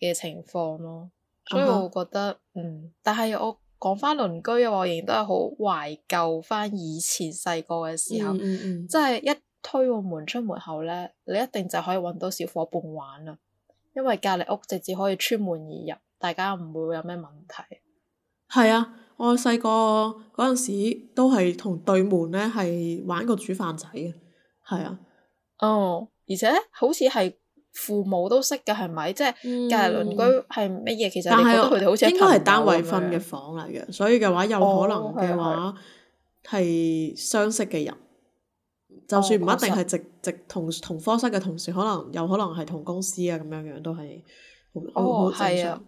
B: 嘅情況咯，所以我覺得嗯、嗯，但係我講翻鄰居嘅話，我仍然都係好懷舊翻以前細個嘅時候，嗯嗯嗯、即係一推個門出門、出門口咧，你一定就可以揾到小伙伴玩啦，因為隔籬屋直接可以穿門而入，大家唔會
A: 有咩問題。係啊，我細個嗰陣時都係同對門咧係玩個煮飯仔嘅，係啊，哦。而且好
B: 似係父母都識嘅，係咪？即係隔籬鄰居係乜嘢？其實你覺得佢哋好似應該係單位分
A: 嘅房嚟嘅，所以嘅話有可能嘅話係相識嘅人，
C: 哦、就算唔一定係直
A: 直、哦、同同科室嘅同事，可能有可能係同公司啊咁樣樣都係哦，係啊！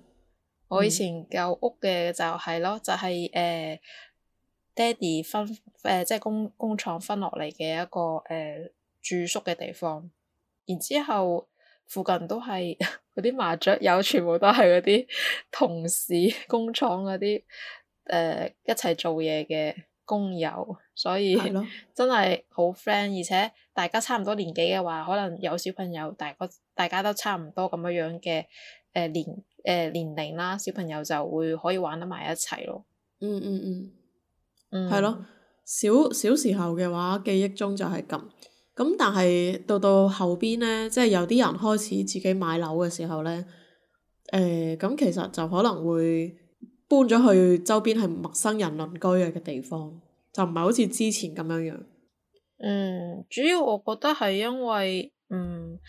A: 我以
B: 前舊屋嘅就係、是、咯，嗯、就係、是、誒、呃、爹哋分誒、呃、即係工工,工廠分落嚟嘅一個誒、呃、住宿嘅地方。然之後，附近都係嗰啲麻雀友，全部都係嗰啲同事、工廠嗰啲誒一齊做嘢嘅工友，所以係咯真係好 friend。而且大家差唔多年紀嘅話，可能有小朋友，但係大家都差唔多咁樣樣嘅誒年誒年齡啦，小朋友就會可以玩得埋一齊咯。嗯
A: 嗯嗯，嗯，係、嗯、咯、嗯，小小時候嘅話，記憶中就係咁。咁但係到到後邊咧，即係有啲人開始自己買樓嘅時候咧，誒，咁其實就可能會搬咗去周邊係陌生人鄰居嘅地方，就唔係好似之前咁樣樣。嗯，主要我覺得係因為，嗯。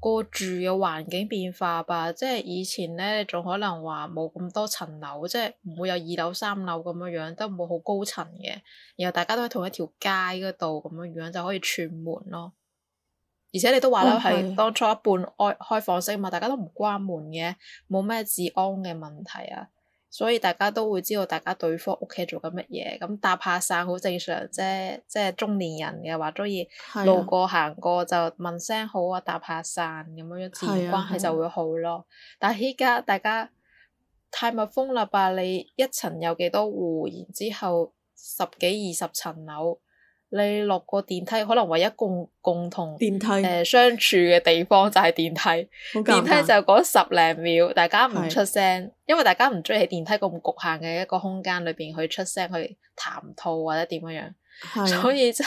B: 個住嘅環境變化吧，即係以前咧，仲可能話冇咁多層樓，即係唔會有二樓三樓咁樣樣，都唔會好高層嘅，然後大家都喺同一條街嗰度咁樣樣就可以串門咯。而且你都話咧，係當初一半開開放式嘛，大家都唔關門嘅，冇咩治安嘅問題啊。所以大家都會知道大家對方屋企做緊乜嘢，咁搭下散好正常啫，即係中年人嘅話，鍾意路過行過就問聲好啊，搭下散咁樣，自然關係就會好咯。但係依家大家太密封啦吧？你一層有幾多戶，然之後十幾二十層樓。你落個電梯，可能唯一共共同誒電梯、呃、相處嘅地方就係電梯。電梯就嗰十零秒，大家唔出聲，是因為大家唔中意喺電梯咁局限嘅一個空間裏邊去出聲去談吐或者點樣樣，是所以就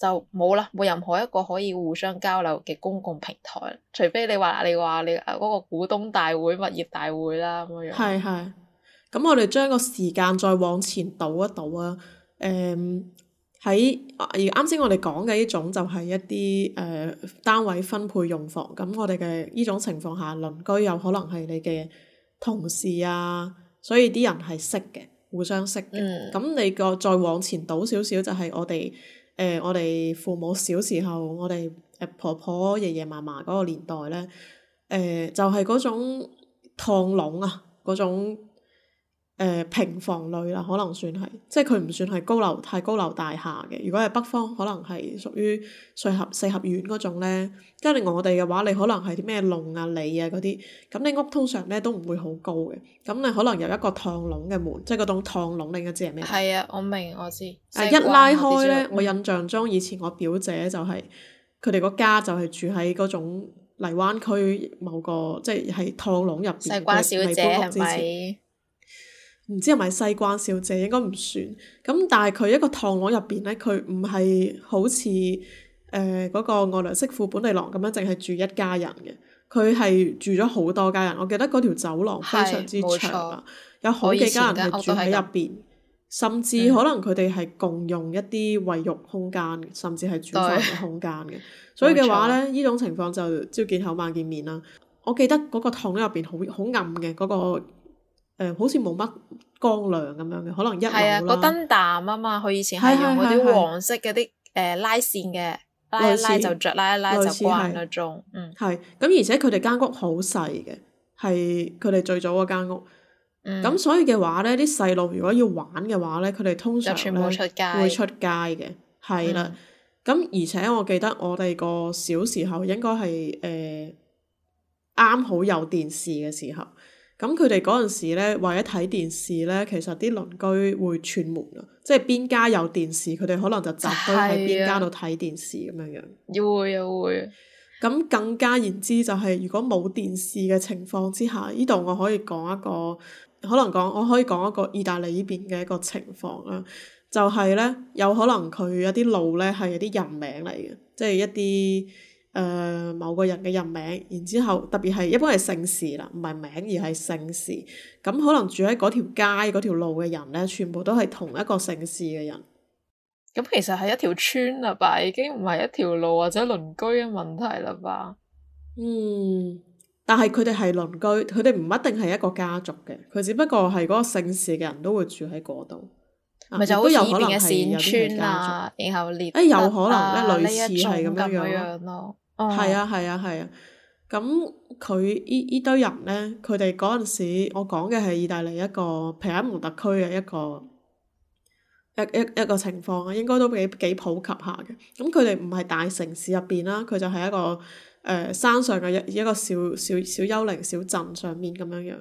B: 就冇啦，冇任何一個可以互相交流嘅公共平台，除非你話你話你嗰個股東大會、物業大會啦咁樣樣。係
A: 係咁，我哋將個時間再往前倒一倒啊！誒、嗯。喺而啱先我哋講嘅呢種就係一啲誒、呃、單位分配用房，咁我哋嘅呢種情況下，鄰居有可能係你嘅同事啊，所以啲人係識嘅，互相識嘅。咁、嗯、你個再往前倒少少，就、呃、係我哋誒我哋父母小時候，我哋誒婆婆爺爺嫲嫲嗰個年代咧，誒、呃、就係、是、嗰種燙籠啊嗰種，誒、呃、平房類啦，可能算係，即係佢唔算係高樓，係高樓大廈嘅。如果係北方，可能係屬於四合四合院嗰種呢。跟你我哋嘅話，你可能係啲咩籠啊、籬啊嗰啲，咁你屋通常呢都唔會好高嘅。咁你可能有一個趟籠嘅門，即係嗰種趟籠，另一字係咩？係
B: 啊，我明我知。是乖乖一拉開呢，我印
A: 象中以前我表姐就係佢哋個家就係住喺嗰種荔灣區某個，即係喺趟籠入邊。西關小姐。唔知係咪西關小姐，應該唔算咁，但係佢一個唐樓入邊咧，佢唔係好似誒嗰個外來媳婦本地郎咁樣，淨係住一家人嘅。佢係住咗好多家人，我記得嗰條走廊非常之長，有好幾家人係住喺入邊，甚至可能佢哋係共用一啲衞浴空間，嗯、甚至係住房嘅空間嘅。對所以嘅話咧，呢錯種情況就朝見口晚見面啦。我記得嗰個唐樓入邊好好暗嘅嗰、那個。誒、呃，好似冇乜光亮咁樣嘅，可能一樓啦。係啊，個燈
B: 膽啊嘛，佢以前係用啲黃色嗰啲誒拉線嘅，拉一拉就着，拉一拉就關咗
A: 鐘。係咁、嗯，而且佢哋間屋好細嘅，係佢哋最早嗰間屋。咁、嗯、所以嘅話呢，啲細路如果要玩嘅話呢，佢哋通常咧會出街嘅，係啦。咁、嗯、而且我記得我哋個小時候應該係誒啱好有電視嘅時候。咁佢哋嗰陣時咧，為咗睇電視咧，其實啲鄰居會串門啊，即係邊家有電視，佢哋可能就集中喺邊家度睇電視咁樣樣。會啊會，咁更加言之就係，如果冇電視嘅情況之下，呢度我可以講一個可能講，我可以講一個意大利呢邊嘅一個情況啦，就係咧有可能佢有啲路咧係有啲人名嚟嘅，即係一啲。誒、呃、某個人嘅人名，然之後特別係一般係姓氏啦，唔係名而係姓氏。咁可能住喺嗰條街、嗰條路嘅人咧，全部都係同一個姓氏嘅人。
B: 咁、嗯、其實係一條村啦吧，已經唔係一條路或者鄰居嘅問題啦吧。嗯，
A: 但係佢哋係鄰居，佢哋唔一定係一個家族嘅，佢只不過係嗰個姓氏嘅人都會住喺嗰度。咪就都有可能係線村啊，
B: 然後列得啊有可能類似係咁樣樣咯。
A: 係啊係啊係啊！咁佢呢呢堆人呢，佢哋嗰陣時，我講嘅係意大利一個皮埃蒙特區嘅一個一一一個情況啊，應該都幾普及下嘅。咁佢哋唔係大城市入邊啦，佢就係一個誒、呃、山上嘅一個一個小小小，小幽靈小鎮上面咁樣樣。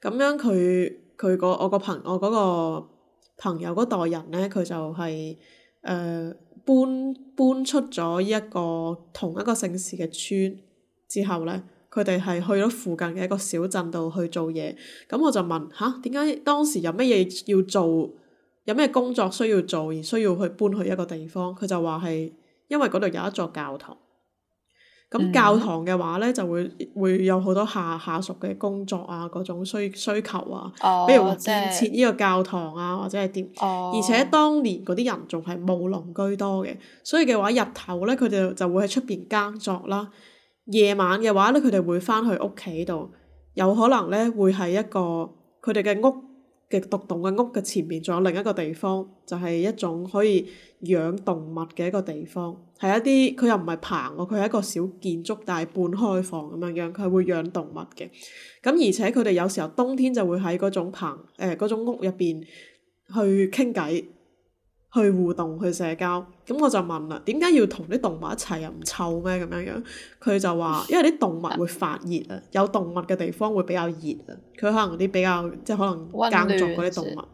A: 咁樣佢佢個我個朋友我嗰個朋友嗰代人呢，佢就係、是、誒。呃搬搬出咗一個同一個姓氏嘅村之後咧，佢哋係去咗附近嘅一個小鎮度去做嘢。咁我就問吓，點解當時有咩嘢要做，有咩工作需要做而需要去搬去一個地方？佢就話係因為嗰度有一座教堂。咁、嗯、教堂嘅話咧，就會會有好多下下屬嘅工作啊，嗰種需需求啊，
B: 哦、比如話建設呢
A: 個教堂啊，或者係點。哦、而且當年嗰啲人仲係務農居多嘅，所以嘅話日頭咧，佢哋就就會喺出邊耕作啦。夜晚嘅話咧，佢哋會翻去屋企度，有可能咧會係一個佢哋嘅屋嘅獨棟嘅屋嘅前面，仲有另一個地方，就係、是、一種可以養動物嘅一個地方。係一啲佢又唔係棚喎，佢係一個小建築，但係半開放咁樣樣，佢係會養動物嘅。咁、嗯、而且佢哋有時候冬天就會喺嗰種棚誒嗰、呃、種屋入邊去傾偈、去互動、去社交。咁、嗯、我就問啦，點解要同啲動物一齊啊？唔臭咩？咁樣樣，佢就話，因為啲動物會發熱啊，有動物嘅地方會比較熱啊。佢可能啲比較即係可能耕種嗰啲動物。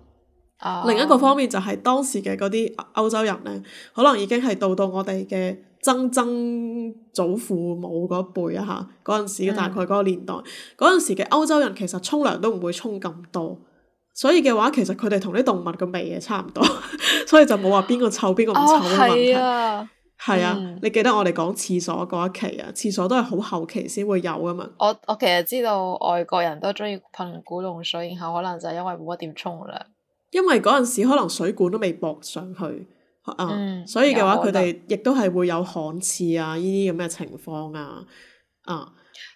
A: 哦、另一個方面就係當時嘅嗰啲歐洲人咧，可能已經係到到我哋嘅曾曾祖父母嗰輩啊吓，嗰陣時、嗯、大概嗰個年代，嗰陣時嘅歐洲人其實沖涼都唔會沖咁多，所以嘅話其實佢哋同啲動物嘅味嘢差唔多， 所以就冇話邊個臭邊個唔臭嘅問題。係、哦、啊，你記得我哋講廁所嗰一期啊，廁所都係好後期先會有噶嘛。
B: 我我其實知道外國人都中意噴古龍水，然後可能就係因為冇乜點沖涼。
A: 因為嗰陣時可能水管都未駁上去啊，嗯、所以嘅話佢哋亦都係會有旱廁啊呢啲咁嘅情況啊。啊！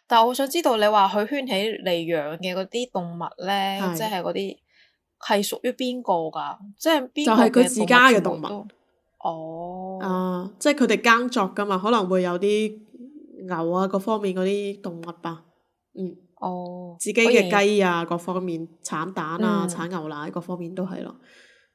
B: 但係我想知道，你話佢圈起嚟養嘅嗰啲動物咧的，即係嗰啲係屬於邊個噶？即係邊個？就係佢自家嘅動物哦。
A: 啊，即係佢哋耕作噶嘛，可能會有啲牛啊，各方面嗰啲動物吧。嗯。哦，oh，自己嘅雞啊，各方面產蛋啊，產、嗯、牛奶各方面都係咯。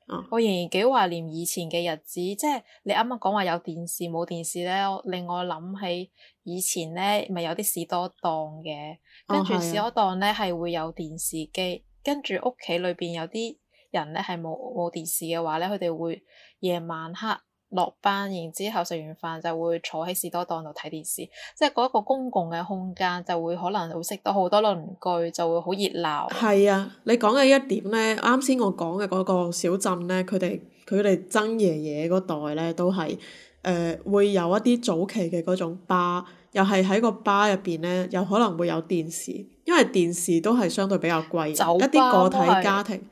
A: 啊，
B: 我仍然幾懷念以前嘅日子，即係你啱啱講話有電視冇電視咧，令我諗起以前咧，咪有啲士多檔嘅，
C: 跟住士多
B: 檔咧係會有電視機，跟住屋企裏邊有啲人咧係冇冇電視嘅話咧，佢哋會夜晚黑，落班然之後食完飯就會坐喺士多檔度睇電視，即係嗰一個公共嘅空間就會可能會識到好多鄰居，就會好熱鬧。係
A: 啊，你講嘅一點呢，啱先我講嘅嗰個小鎮呢，佢哋佢哋曾爺爺嗰代呢，都係誒、呃、會有一啲早期嘅嗰種吧，又係喺個吧入邊呢，有可能會有電視，因為電視都係相對比較貴，一啲個體家庭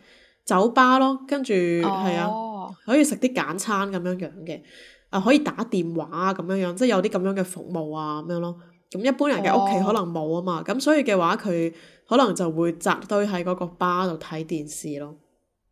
A: 酒吧咯，跟住係、哦、啊。可以食啲簡餐咁樣樣嘅，啊，可以打電話啊咁樣樣，即係有啲咁樣嘅服務啊咁樣咯。咁一般人嘅屋企可能冇啊嘛，咁、哦、所以嘅話佢可能就會扎堆喺嗰個吧度睇電視咯。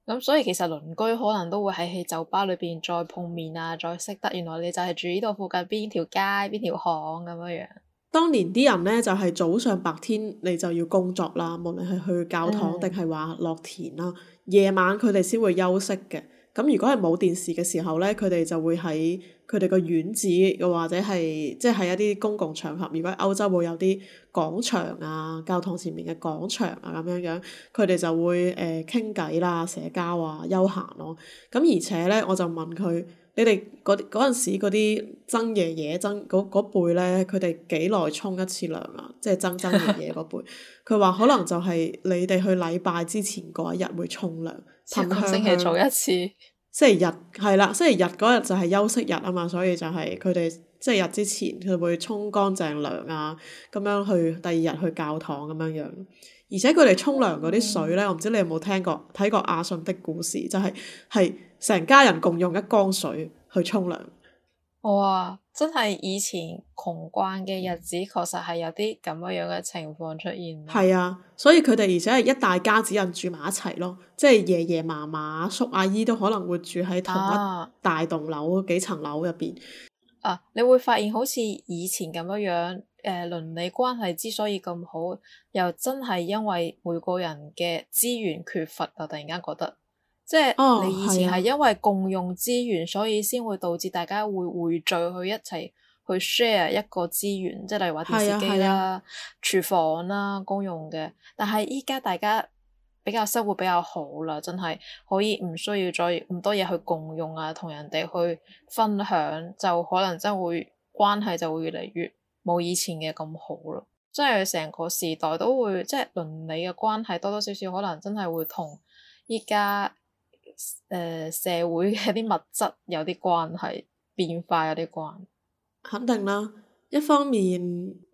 B: 咁所以其實鄰居可能都會喺酒吧裏邊再碰面啊，再識得原來你就係住呢度附近邊條街邊條巷咁樣樣。
A: 當年啲人咧就係、是、早上白天你就要工作啦，無論係去教堂定係話落田啦、啊，夜、嗯、晚佢哋先會休息嘅。咁如果係冇電視嘅時候咧，佢哋就會喺佢哋個院子，又或者係即係喺一啲公共場合，如果喺歐洲會有啲廣場啊、教堂前面嘅廣場啊咁樣樣，佢哋就會誒傾偈啦、社交啊、休閒咯、啊。咁而且咧，我就問佢：你哋嗰嗰陣時嗰啲曾爺爺曾嗰嗰輩咧，佢哋幾耐沖一次涼啊？即、就、係、是、曾曾爺爺嗰輩，佢話 可能就係你哋去禮拜之前嗰一日會沖涼。每個星期做一次，星期日係啦，星期日嗰日就係休息日啊嘛，所以就係佢哋星期日之前佢會沖乾淨涼啊，咁樣去第二日去教堂咁樣樣，而且佢哋沖涼嗰啲水咧，嗯、我唔知你有冇聽過睇過阿信的故事，就係係成家人共用一缸水去沖涼。
B: 哇！真係以前窮慣嘅日子，確實係有啲咁樣樣嘅情況出現。
A: 係啊，所以佢哋而且係一大家子人住埋一齊咯，即係爺爺嫲嫲、叔阿姨都可能會住喺同一大棟樓、啊、幾層樓入邊、
B: 啊。你會發現好似以前咁樣樣，誒、呃、鄰里關係之所以咁好，又真係因為每個人嘅資源缺乏啊！突然間覺得。即係你以前係因為共用資源，所以先會導致大家會匯聚去一齊去 share 一個資源，即係例如話電視機啦、啊、廚、啊啊、房啦、啊，公用嘅。但係依家大家比較生活比較好啦，真係可以唔需要再咁多嘢去共用啊，同人哋去分享，就可能真係會關係就會越嚟越冇以前嘅咁好啦。即係成個時代都會即係倫理嘅關係，多多少少可能真係會同依家。誒，社會嘅一啲物質有啲
A: 關係，變化有啲關，肯定啦。一方面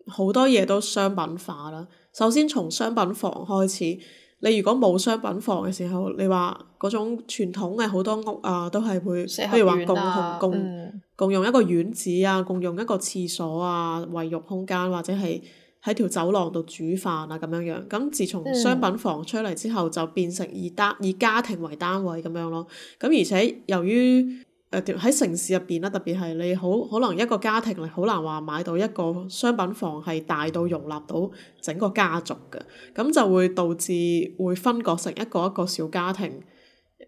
A: 好多嘢都商品化啦。首先從商品房開始，你如果冇商品房嘅時候，你話嗰種傳統嘅好多屋啊，都係會，比、啊、如話共共共共用一個院子啊，共用一個廁所啊，衛浴、啊、空間或者係。喺條走廊度煮飯啊咁樣樣，咁自從商品房出嚟之後，就變成以單以家庭為單位咁樣咯。咁而且由於誒喺、呃、城市入邊啦，特別係你好可能一個家庭，你好難話買到一個商品房係大到容納到整個家族嘅，咁就會導致會分割成一個一個小家庭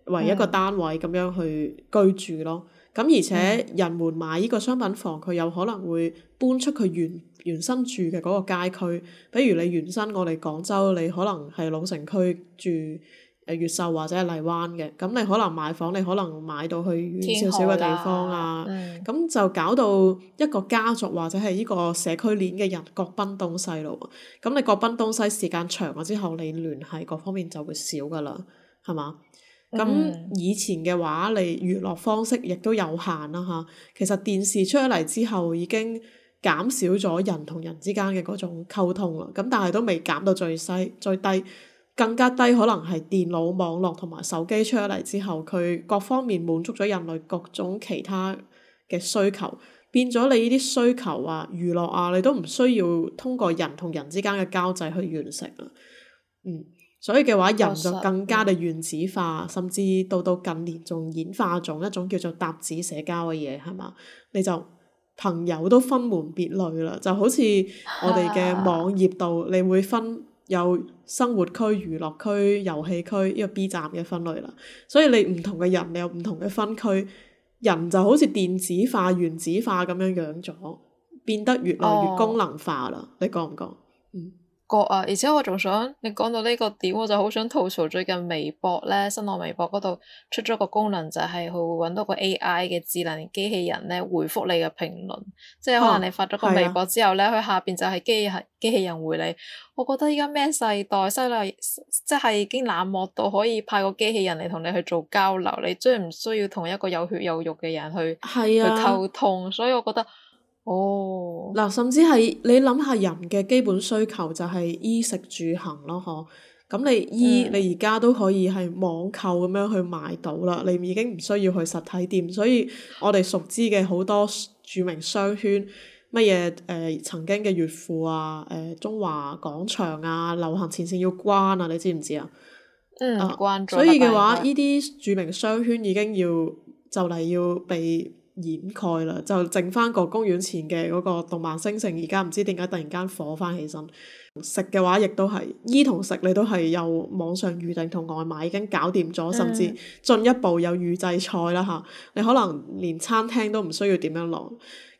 A: 為一個單位咁樣去居住咯。咁的而且人們買呢個商品房，佢有可能會搬出去遠。原生住嘅嗰個街區，比如你原生我哋廣州，你可能係老城區住誒、呃、越秀或者係荔灣嘅，咁你可能買房，你可能買到去遠少少嘅地方啊，咁就搞到一個家族或者係呢個社區鏈嘅人、嗯、各奔東西咯。咁你各奔東西時間長咗之後，你聯繫各方面就會少噶啦，係嘛？咁、嗯、以前嘅話，你娛樂方式亦都有限啦嚇。其實電視出咗嚟之後已經。減少咗人同人之間嘅嗰種溝通啦，咁但係都未減到最細、最低，更加低可能係電腦網絡同埋手機出咗嚟之後，佢各方面滿足咗人類各種其他嘅需求，變咗你呢啲需求啊、娛樂啊，你都唔需要通過人同人之間嘅交際去完成啦。嗯，所以嘅話，人就更加嘅原子化，甚至到到近年仲演化種一種叫做搭子社交嘅嘢，係嘛？你就。朋友都分門別類啦，就好似我哋嘅網頁度，你會分有生活區、娛樂區、遊戲區呢個 B 站嘅分類啦。所以你唔同嘅人，你有唔同嘅分區，人就好似電子化、原子化咁樣樣咗，變得越來越功能化啦。哦、你講唔講？嗯。
B: 覺啊！而且我仲想，你講到呢個點，我就好想吐槽最近微博咧，新浪微博嗰度出咗個功能，就係佢會揾到個 AI 嘅智能機器人咧回覆你嘅評論。即係可能你發咗個微博之後咧，佢、哦、下邊就係機器機器人回你。我覺得依家咩世代犀利，即係已經冷漠到可以派個機器人嚟同你去做交流，你真係唔需要同一個有血有肉嘅人去、
A: 啊、去溝
B: 通。所以我覺得。
A: 哦，嗱，甚至係你諗下人嘅基本需求就係衣食住行咯，嗬。咁你衣、嗯、你而家都可以係網購咁樣去買到啦，你已經唔需要去實體店。所以我哋熟知嘅好多著名商圈，乜嘢誒曾經嘅月富啊，誒、呃、中華廣場啊，流行前線要關啊，你知唔知啊？嗯，啊、
B: 關，關。所以嘅話，
A: 呢啲著名商圈已經要就嚟、是、要被。掩蓋啦，就剩翻個公園前嘅嗰個動漫星城。而家唔知點解突然間火翻起身，食嘅話，亦都係衣同食，你都係有網上預定同外賣已經搞掂咗，甚至進一步有預製菜啦嚇、啊。你可能連餐廳都唔需要。點樣落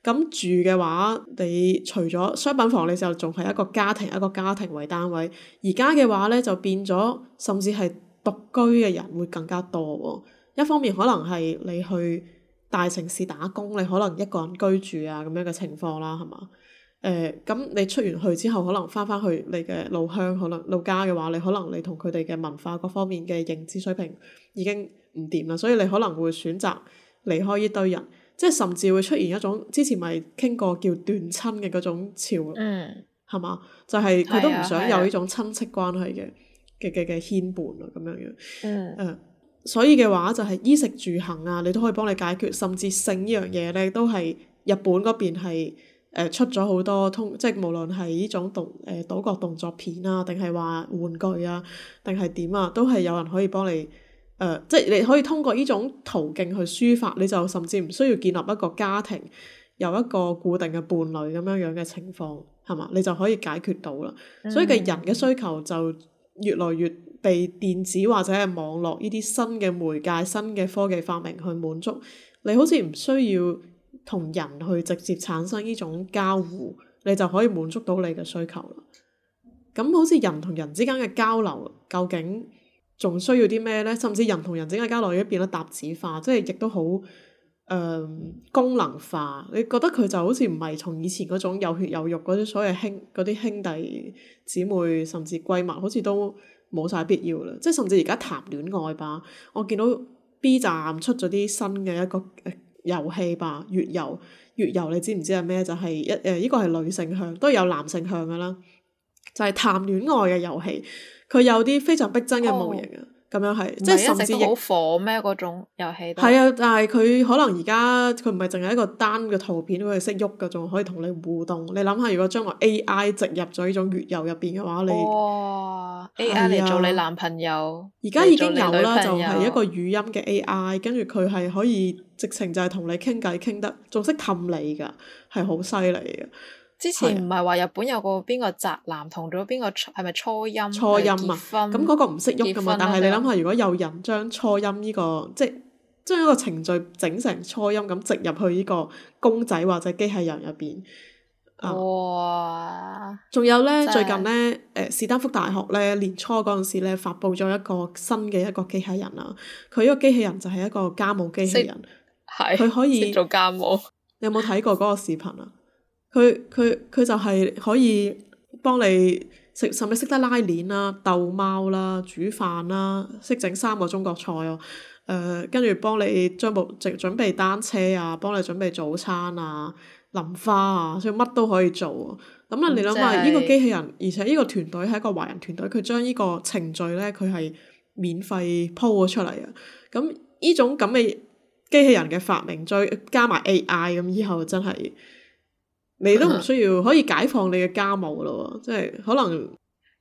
A: 咁住嘅話，你除咗商品房，你就仲係一個家庭一個家庭為單位。而家嘅話咧，就變咗，甚至係獨居嘅人會更加多。一方面可能係你去。大城市打工，你可能一個人居住啊，咁樣嘅情況啦，係嘛？誒、呃，咁你出完去之後，可能翻翻去你嘅老鄉，可能老家嘅話，你可能你同佢哋嘅文化各方面嘅認知水平已經唔掂啦，所以你可能會選擇離開呢堆人，即係甚至會出現一種之前咪傾過叫斷親嘅嗰種潮，嗯，係嘛？就係、是、佢都唔想有呢種親戚關係嘅嘅嘅嘅牽絆咯，咁樣樣，嗯。嗯。所以嘅話就係、是、衣食住行啊，你都可以幫你解決，甚至性呢樣嘢咧都係日本嗰邊係，誒、呃、出咗好多通，即係無論係呢種動誒、呃、島國動作片啊，定係話玩具啊，定係點啊，都係有人可以幫你誒、呃，即係你可以通過呢種途徑去抒發，你就甚至唔需要建立一個家庭，有一個固定嘅伴侶咁樣樣嘅情況係嘛？你就可以解決到啦。
C: 所以嘅人
A: 嘅需求就越來越被電子或者係網絡呢啲新嘅媒介，新嘅科技發明去滿足，你好似唔需要同人去直接產生呢種交互，你就可以滿足到你嘅需求啦。咁好似人同人之間嘅交流，究竟仲需要啲咩咧？甚至人同人之間嘅交流已經變得搭子化，即係亦都好誒功能化。你覺得佢就好似唔係從以前嗰種有血有肉嗰啲所謂兄嗰啲兄弟姊妹，甚至閨蜜，好似都～冇晒必要啦，即係甚至而家談戀愛吧，我見到 B 站出咗啲新嘅一個、呃、遊戲吧，月遊月遊，你知唔知係咩？就係、是、一誒依、呃呢個係女性向，都有男性向噶啦，就係、是、談戀愛嘅遊戲，佢有啲非常逼真嘅模型。嘅。咁樣係，即係、啊、甚至好
B: 火咩？嗰種遊戲係啊，
A: 但係佢可能而家佢唔係淨係一個單嘅圖片，佢係識喐嘅，仲可以同你互動。你諗下，如果將個 A I 植入咗呢種月遊入邊嘅話，你
B: A I 嚟做你男
A: 朋友，
B: 而家已經有啦，你你就係一
A: 個語音嘅 A I，跟住佢係可以直情就係同你傾偈，傾得仲識氹你噶，係好犀利嘅。之前唔係話日本有
B: 個邊個宅男同咗邊個初，係咪初音初音啊？咁嗰婚、啊嗰個唔識喐噶嘛？啊、但係你諗下，
A: 麼如果有人將初音呢、這個即係將一個程序，整成初音咁植入去呢個公仔或者機器人入邊。啊、哇！仲有咧，即最近咧，誒、呃，士丹福大學咧年初嗰陣時咧發佈咗一個新嘅一個機器人啊。佢呢個機器人就係一個家務機器人，係佢可以做家務。你有冇睇過嗰個視頻啊？佢佢佢就係可以幫你食，甚至識得拉鏈啦、逗貓啦、煮飯啦，識整三個中國菜哦。誒、呃，跟住幫你將部整準備單車啊，幫你準備早餐啊、淋花啊，所以乜都可以做啊。咁啊、嗯，你諗下呢、嗯、個機器人，而且呢個團隊係一個華人團隊，佢將呢個程序咧，佢係免費鋪咗出嚟啊。咁呢種咁嘅機器人嘅發明，再加埋 AI 咁，以後真係～你都唔需要可以解放你嘅家務咯，即係可能。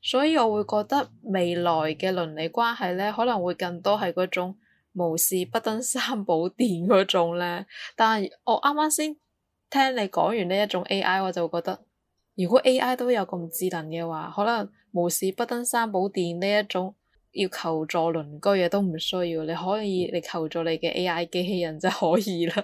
A: 所以我會覺得未來嘅鄰里關係
B: 咧，可能會更多係嗰種無事不登三寶殿嗰種咧。但係我啱啱先聽你講完呢一種 AI，我就覺得如果 AI 都有咁智能嘅話，可能無事不登三寶殿呢一種。要求助鄰居都唔需要，你可以你求助你嘅 AI 機器人就可以啦，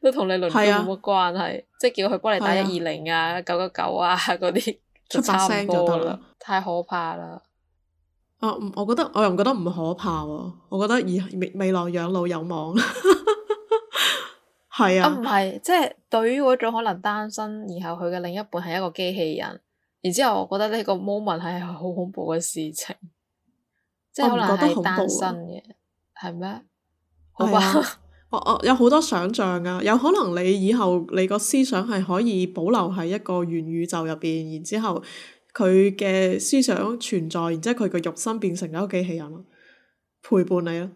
B: 都同你鄰居冇乜關係，啊、即係叫佢幫你打一二零啊、九、啊、九九啊嗰啲
A: 出聲就得啦。
B: 太可怕啦！
A: 啊，怕啊，我覺得我又唔覺得唔可怕喎，我覺得而未來養老有望，係 啊，唔
B: 係、啊、即係對於嗰種可能單身，然後佢嘅另一半係一個機器人，然之後我覺得呢個 moment 係好恐怖嘅事情。即
A: 係我覺得好恐怖嘅，係咩嗎吧？ 我我有好多想像㗎，有可能你以後你個思想係可以保留喺一個元宇宙入邊，然之後佢嘅思想存在，然之後佢個肉身變成一個機器人陪伴你咯，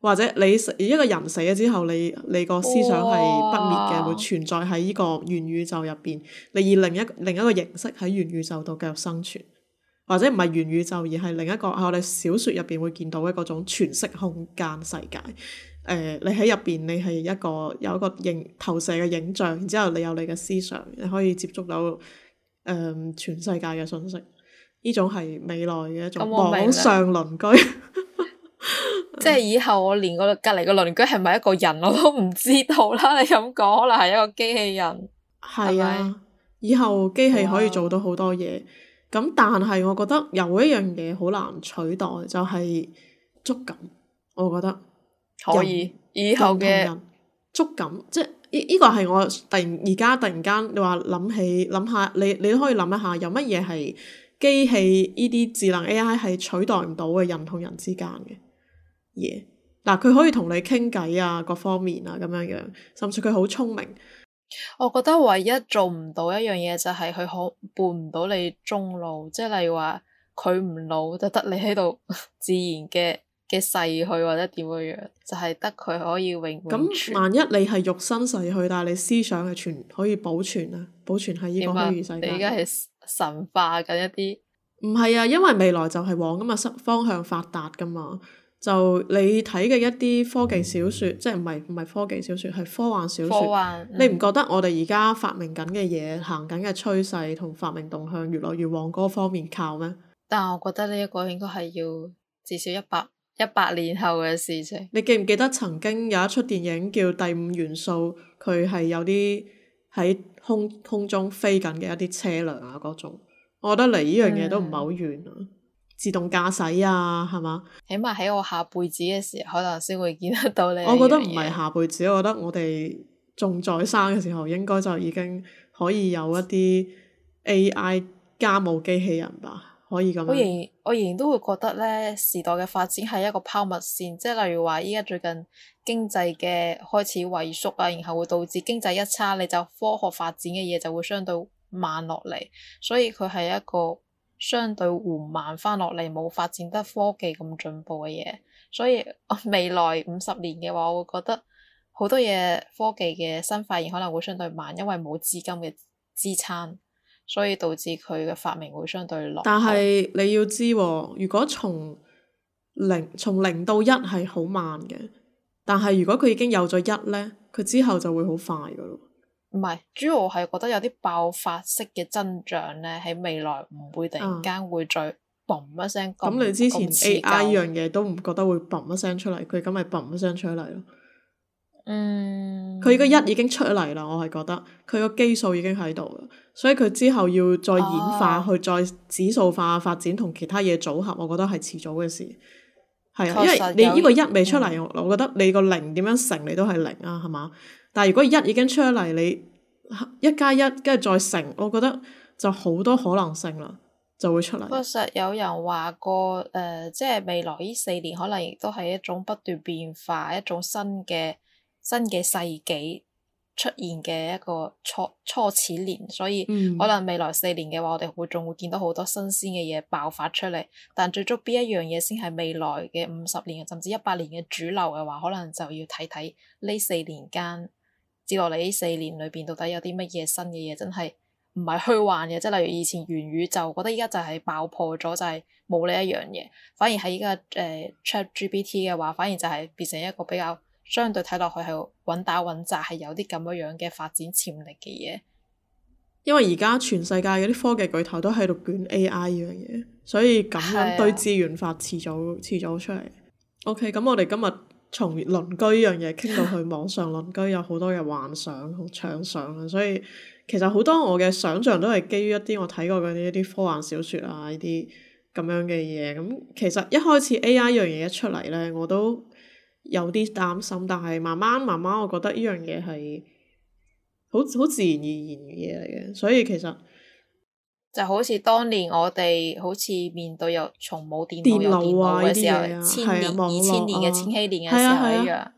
A: 或者你一個人死咗之後，你你個思想係不滅嘅，哦、會存在喺呢個元宇宙入邊，你以另一另一個形式喺元宇宙度繼續生存。或者唔係元宇宙，而係另一個喺我哋小說入邊會見到嘅嗰種全息空間世界。呃、你喺入邊，你係一個有一個影投射嘅影像，然之後你有你嘅思想，你可以接觸到、呃、全世界嘅信息。呢種係未來嘅一種網上鄰居，
B: 即係以後我連個隔籬嘅鄰居係咪一個人我都唔知道啦。你咁講，可能係一個機器人。
A: 係啊，吧以後機器可以做到好多嘢。咁但係，我覺得有一樣嘢好難取代，就係、是、觸感。我覺得可以，人以後嘅觸感，即係呢呢個係我突然而家突然間，你話諗起諗下，你你都可以諗一下有，有乜嘢係機器呢啲智能 AI 係取代唔到嘅人同人之間嘅嘢。嗱、yeah.，佢可以同你傾偈啊，各方面啊咁樣樣，甚至佢好聰明。
B: 我覺得唯一做唔到一樣嘢，就係佢可伴唔到你終、就是、老，即係例如話佢唔老就得你喺度自然嘅嘅逝去或者點樣樣，就係、是、得佢可以永。咁萬一
A: 你係肉身逝去，但係你思想係全可以保存啊？保存喺呢個虛擬世界。你而家係
B: 神化緊一啲？
A: 唔係啊，因為未來就係往咁啊方方向發達噶嘛。就你睇嘅一啲科技小說，即係唔係唔係科技小說，係科幻小說。科幻。嗯、你唔覺得我哋而家發明緊嘅嘢，行緊嘅趨勢同發明動向，越來越往嗰方面靠咩？
B: 但係我覺得呢一個應該係要至少一百
A: 一百年後嘅事情。你記唔記得曾經有一出電影叫《第五元素》，佢係有啲喺空空中飛緊嘅一啲車輛啊，嗰種，我覺得離呢樣嘢都唔係好遠啊。嗯自動駕駛啊，係嘛？起碼喺我下輩子嘅時候，可能先會見得到你。我覺得唔係下輩子，我覺得我哋仲在生嘅時候，應該就已經可以有一啲 AI 家務機器人吧？可以咁。我仍
B: 我仍然都會覺得咧，時代嘅發展係一個拋物線，即係例如話依家最近經濟嘅開始萎縮啊，然後會導致經濟一差，你就科學發展嘅嘢就會相對慢落嚟，所以佢係一個，相對緩慢翻落嚟，冇發展得科技咁進步嘅嘢，所以未來五十年嘅話，我會覺得好多嘢科技嘅新發現可能會相對慢，因為冇資金嘅支撐，所以導致佢嘅發明會相對落。但係
A: 你要知喎，如果從零從零到一係好慢嘅，但係如果佢已經有咗一咧，佢之後就會好快㗎咯。
B: 唔係，主要我係覺得有啲爆發式嘅增長咧，喺未來唔會突然間會再嘣一聲咁、嗯麼嗯、你之前 AI 一
A: 樣嘢，都唔覺得會嘣一聲出嚟，佢咁咪嘣一聲出嚟咯。嗯，佢依個一已經出嚟啦，我係覺得佢個基數已經喺度，所以佢之後要再演化，啊、去再指數化發展同其他嘢組合，我覺得係遲早嘅事。係啊，因為你呢個一未出嚟，嗯、我覺得你個零點樣成你都係零啊，係嘛？但係如果一已經出咗嚟，你一加一跟住再乘，我覺得就好多可能性啦，就會出嚟。確
B: 實有人話過，誒、呃，即係未來呢四年可能亦都係一種不斷變化，一種新嘅新嘅世紀出現嘅一個初初始年，所以可能未來四年嘅話，嗯、我哋會仲會見到好多新鮮嘅嘢爆發出嚟。但最終邊一樣嘢先係未來嘅五十年甚至一百年嘅主流嘅話，可能就要睇睇呢四年間。接落嚟呢四年裏邊，到底有啲乜嘢新嘅嘢？真係唔係虛幻嘅，即係例如以前元宇宙，覺得依家就係爆破咗，就係冇呢一樣嘢。反而喺依家誒 ChatGPT 嘅話，反而就係變成一個比較相對睇落去係穩打穩扎，係有啲咁樣嘅發展潛力嘅嘢。
A: 因為而家全世界嗰啲科技巨頭都喺度捲 AI 呢樣嘢，所以咁樣對資源法遲早遲早出嚟。OK，咁我哋今日。從鄰居呢樣嘢傾到去網上鄰居有好多嘅幻想同暢想啊，所以其實好多我嘅想像都係基於一啲我睇過嘅呢一啲科幻小説啊呢啲咁樣嘅嘢。咁、嗯、其實一開始 A I 呢樣嘢一出嚟咧，我都有啲擔心，但係慢慢慢慢，我覺得呢樣嘢係好好自然而然嘅嘢嚟嘅，所以其實。就
B: 好似當年我哋好似面對又從冇電腦有電腦嘅時候，啊啊、千年二千、啊啊、年嘅千禧年嘅時候、啊啊、一樣，啊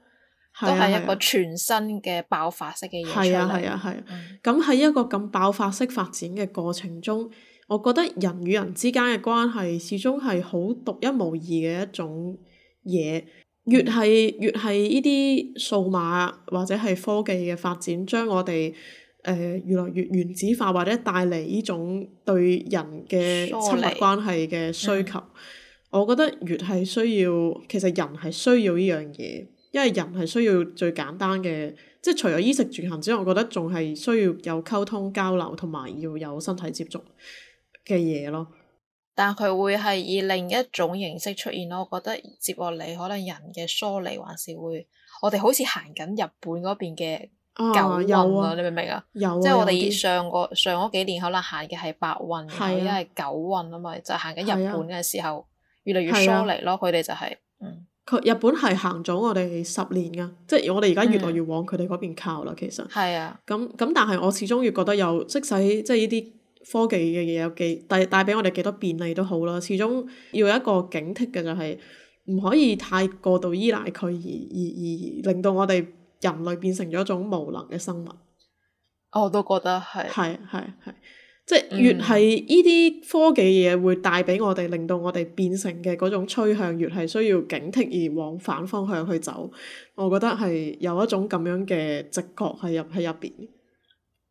B: 啊、都係一個全新嘅爆發式嘅嘢啊，啊，出
A: 嚟啊。咁喺、嗯、一個咁爆發式發展嘅過程中，我覺得人與人之間嘅關係始終係好獨一無二嘅一種嘢。越係越係呢啲數碼或者係科技嘅發展，將我哋。誒、呃，越來越原子化，或者帶嚟呢種對人嘅親密關係嘅需求，嗯、我覺得越係需要，其實人係需要呢樣嘢，因為人係需要最簡單嘅，即係除咗衣食住行之外，我覺得仲係需要有溝通交流，同埋要有身體接觸嘅嘢咯。
B: 但佢會係以另一種形式出現咯。我覺得接落嚟可能人嘅疏離還是會，我哋好似行緊日本嗰邊嘅。有啊！你明唔明啊？有即係我哋上個上嗰幾年可能行嘅係八運，然後一係九運啊嘛，就行緊日本嘅時候，越嚟越疏離咯。佢哋就係
A: 佢日本係行咗我哋十年噶，即係我哋而家越嚟越往佢哋嗰邊靠啦。其實係啊，咁咁但係我始終越覺得有，即使即係呢啲科技嘅嘢有幾帶帶俾我哋幾多便利都好啦，始終要有一個警惕嘅就係唔可以太過度依賴佢而而而令到我哋。人類變成咗一種無能嘅生物，我都覺得係係係係，即係越係呢啲科技嘢會帶俾我哋，令到我哋變成嘅嗰種趨向，越係需要警惕而往反方向去走。我覺得係有一種咁樣嘅直覺喺入喺入邊。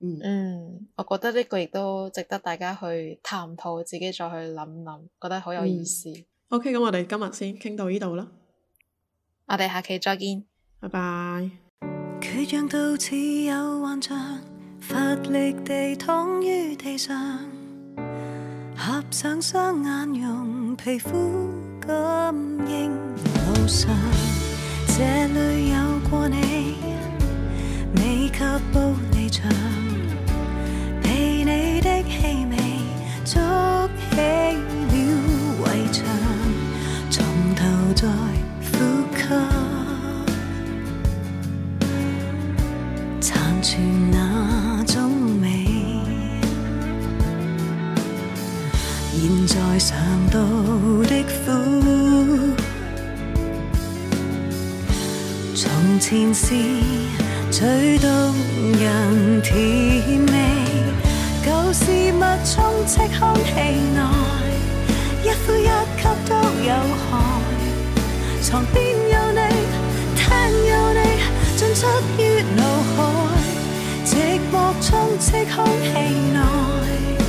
A: 嗯，嗯，
B: 我覺得呢個亦都值得大家去探討，自己再去諗諗，覺得好有意
A: 思。嗯、OK，咁我哋今日先傾到呢度
B: 啦，我哋下期再見，拜拜。
C: 每樣都似有幻象，乏力地躺於地上，合上雙眼用，用皮膚感應路上。這裡有過你，未及步離場。嘗到的苦，從前是最動人甜味，舊事物充斥空氣內，一呼一吸都有害。床邊有你，廳有你，進出於腦海，寂寞充斥空氣內。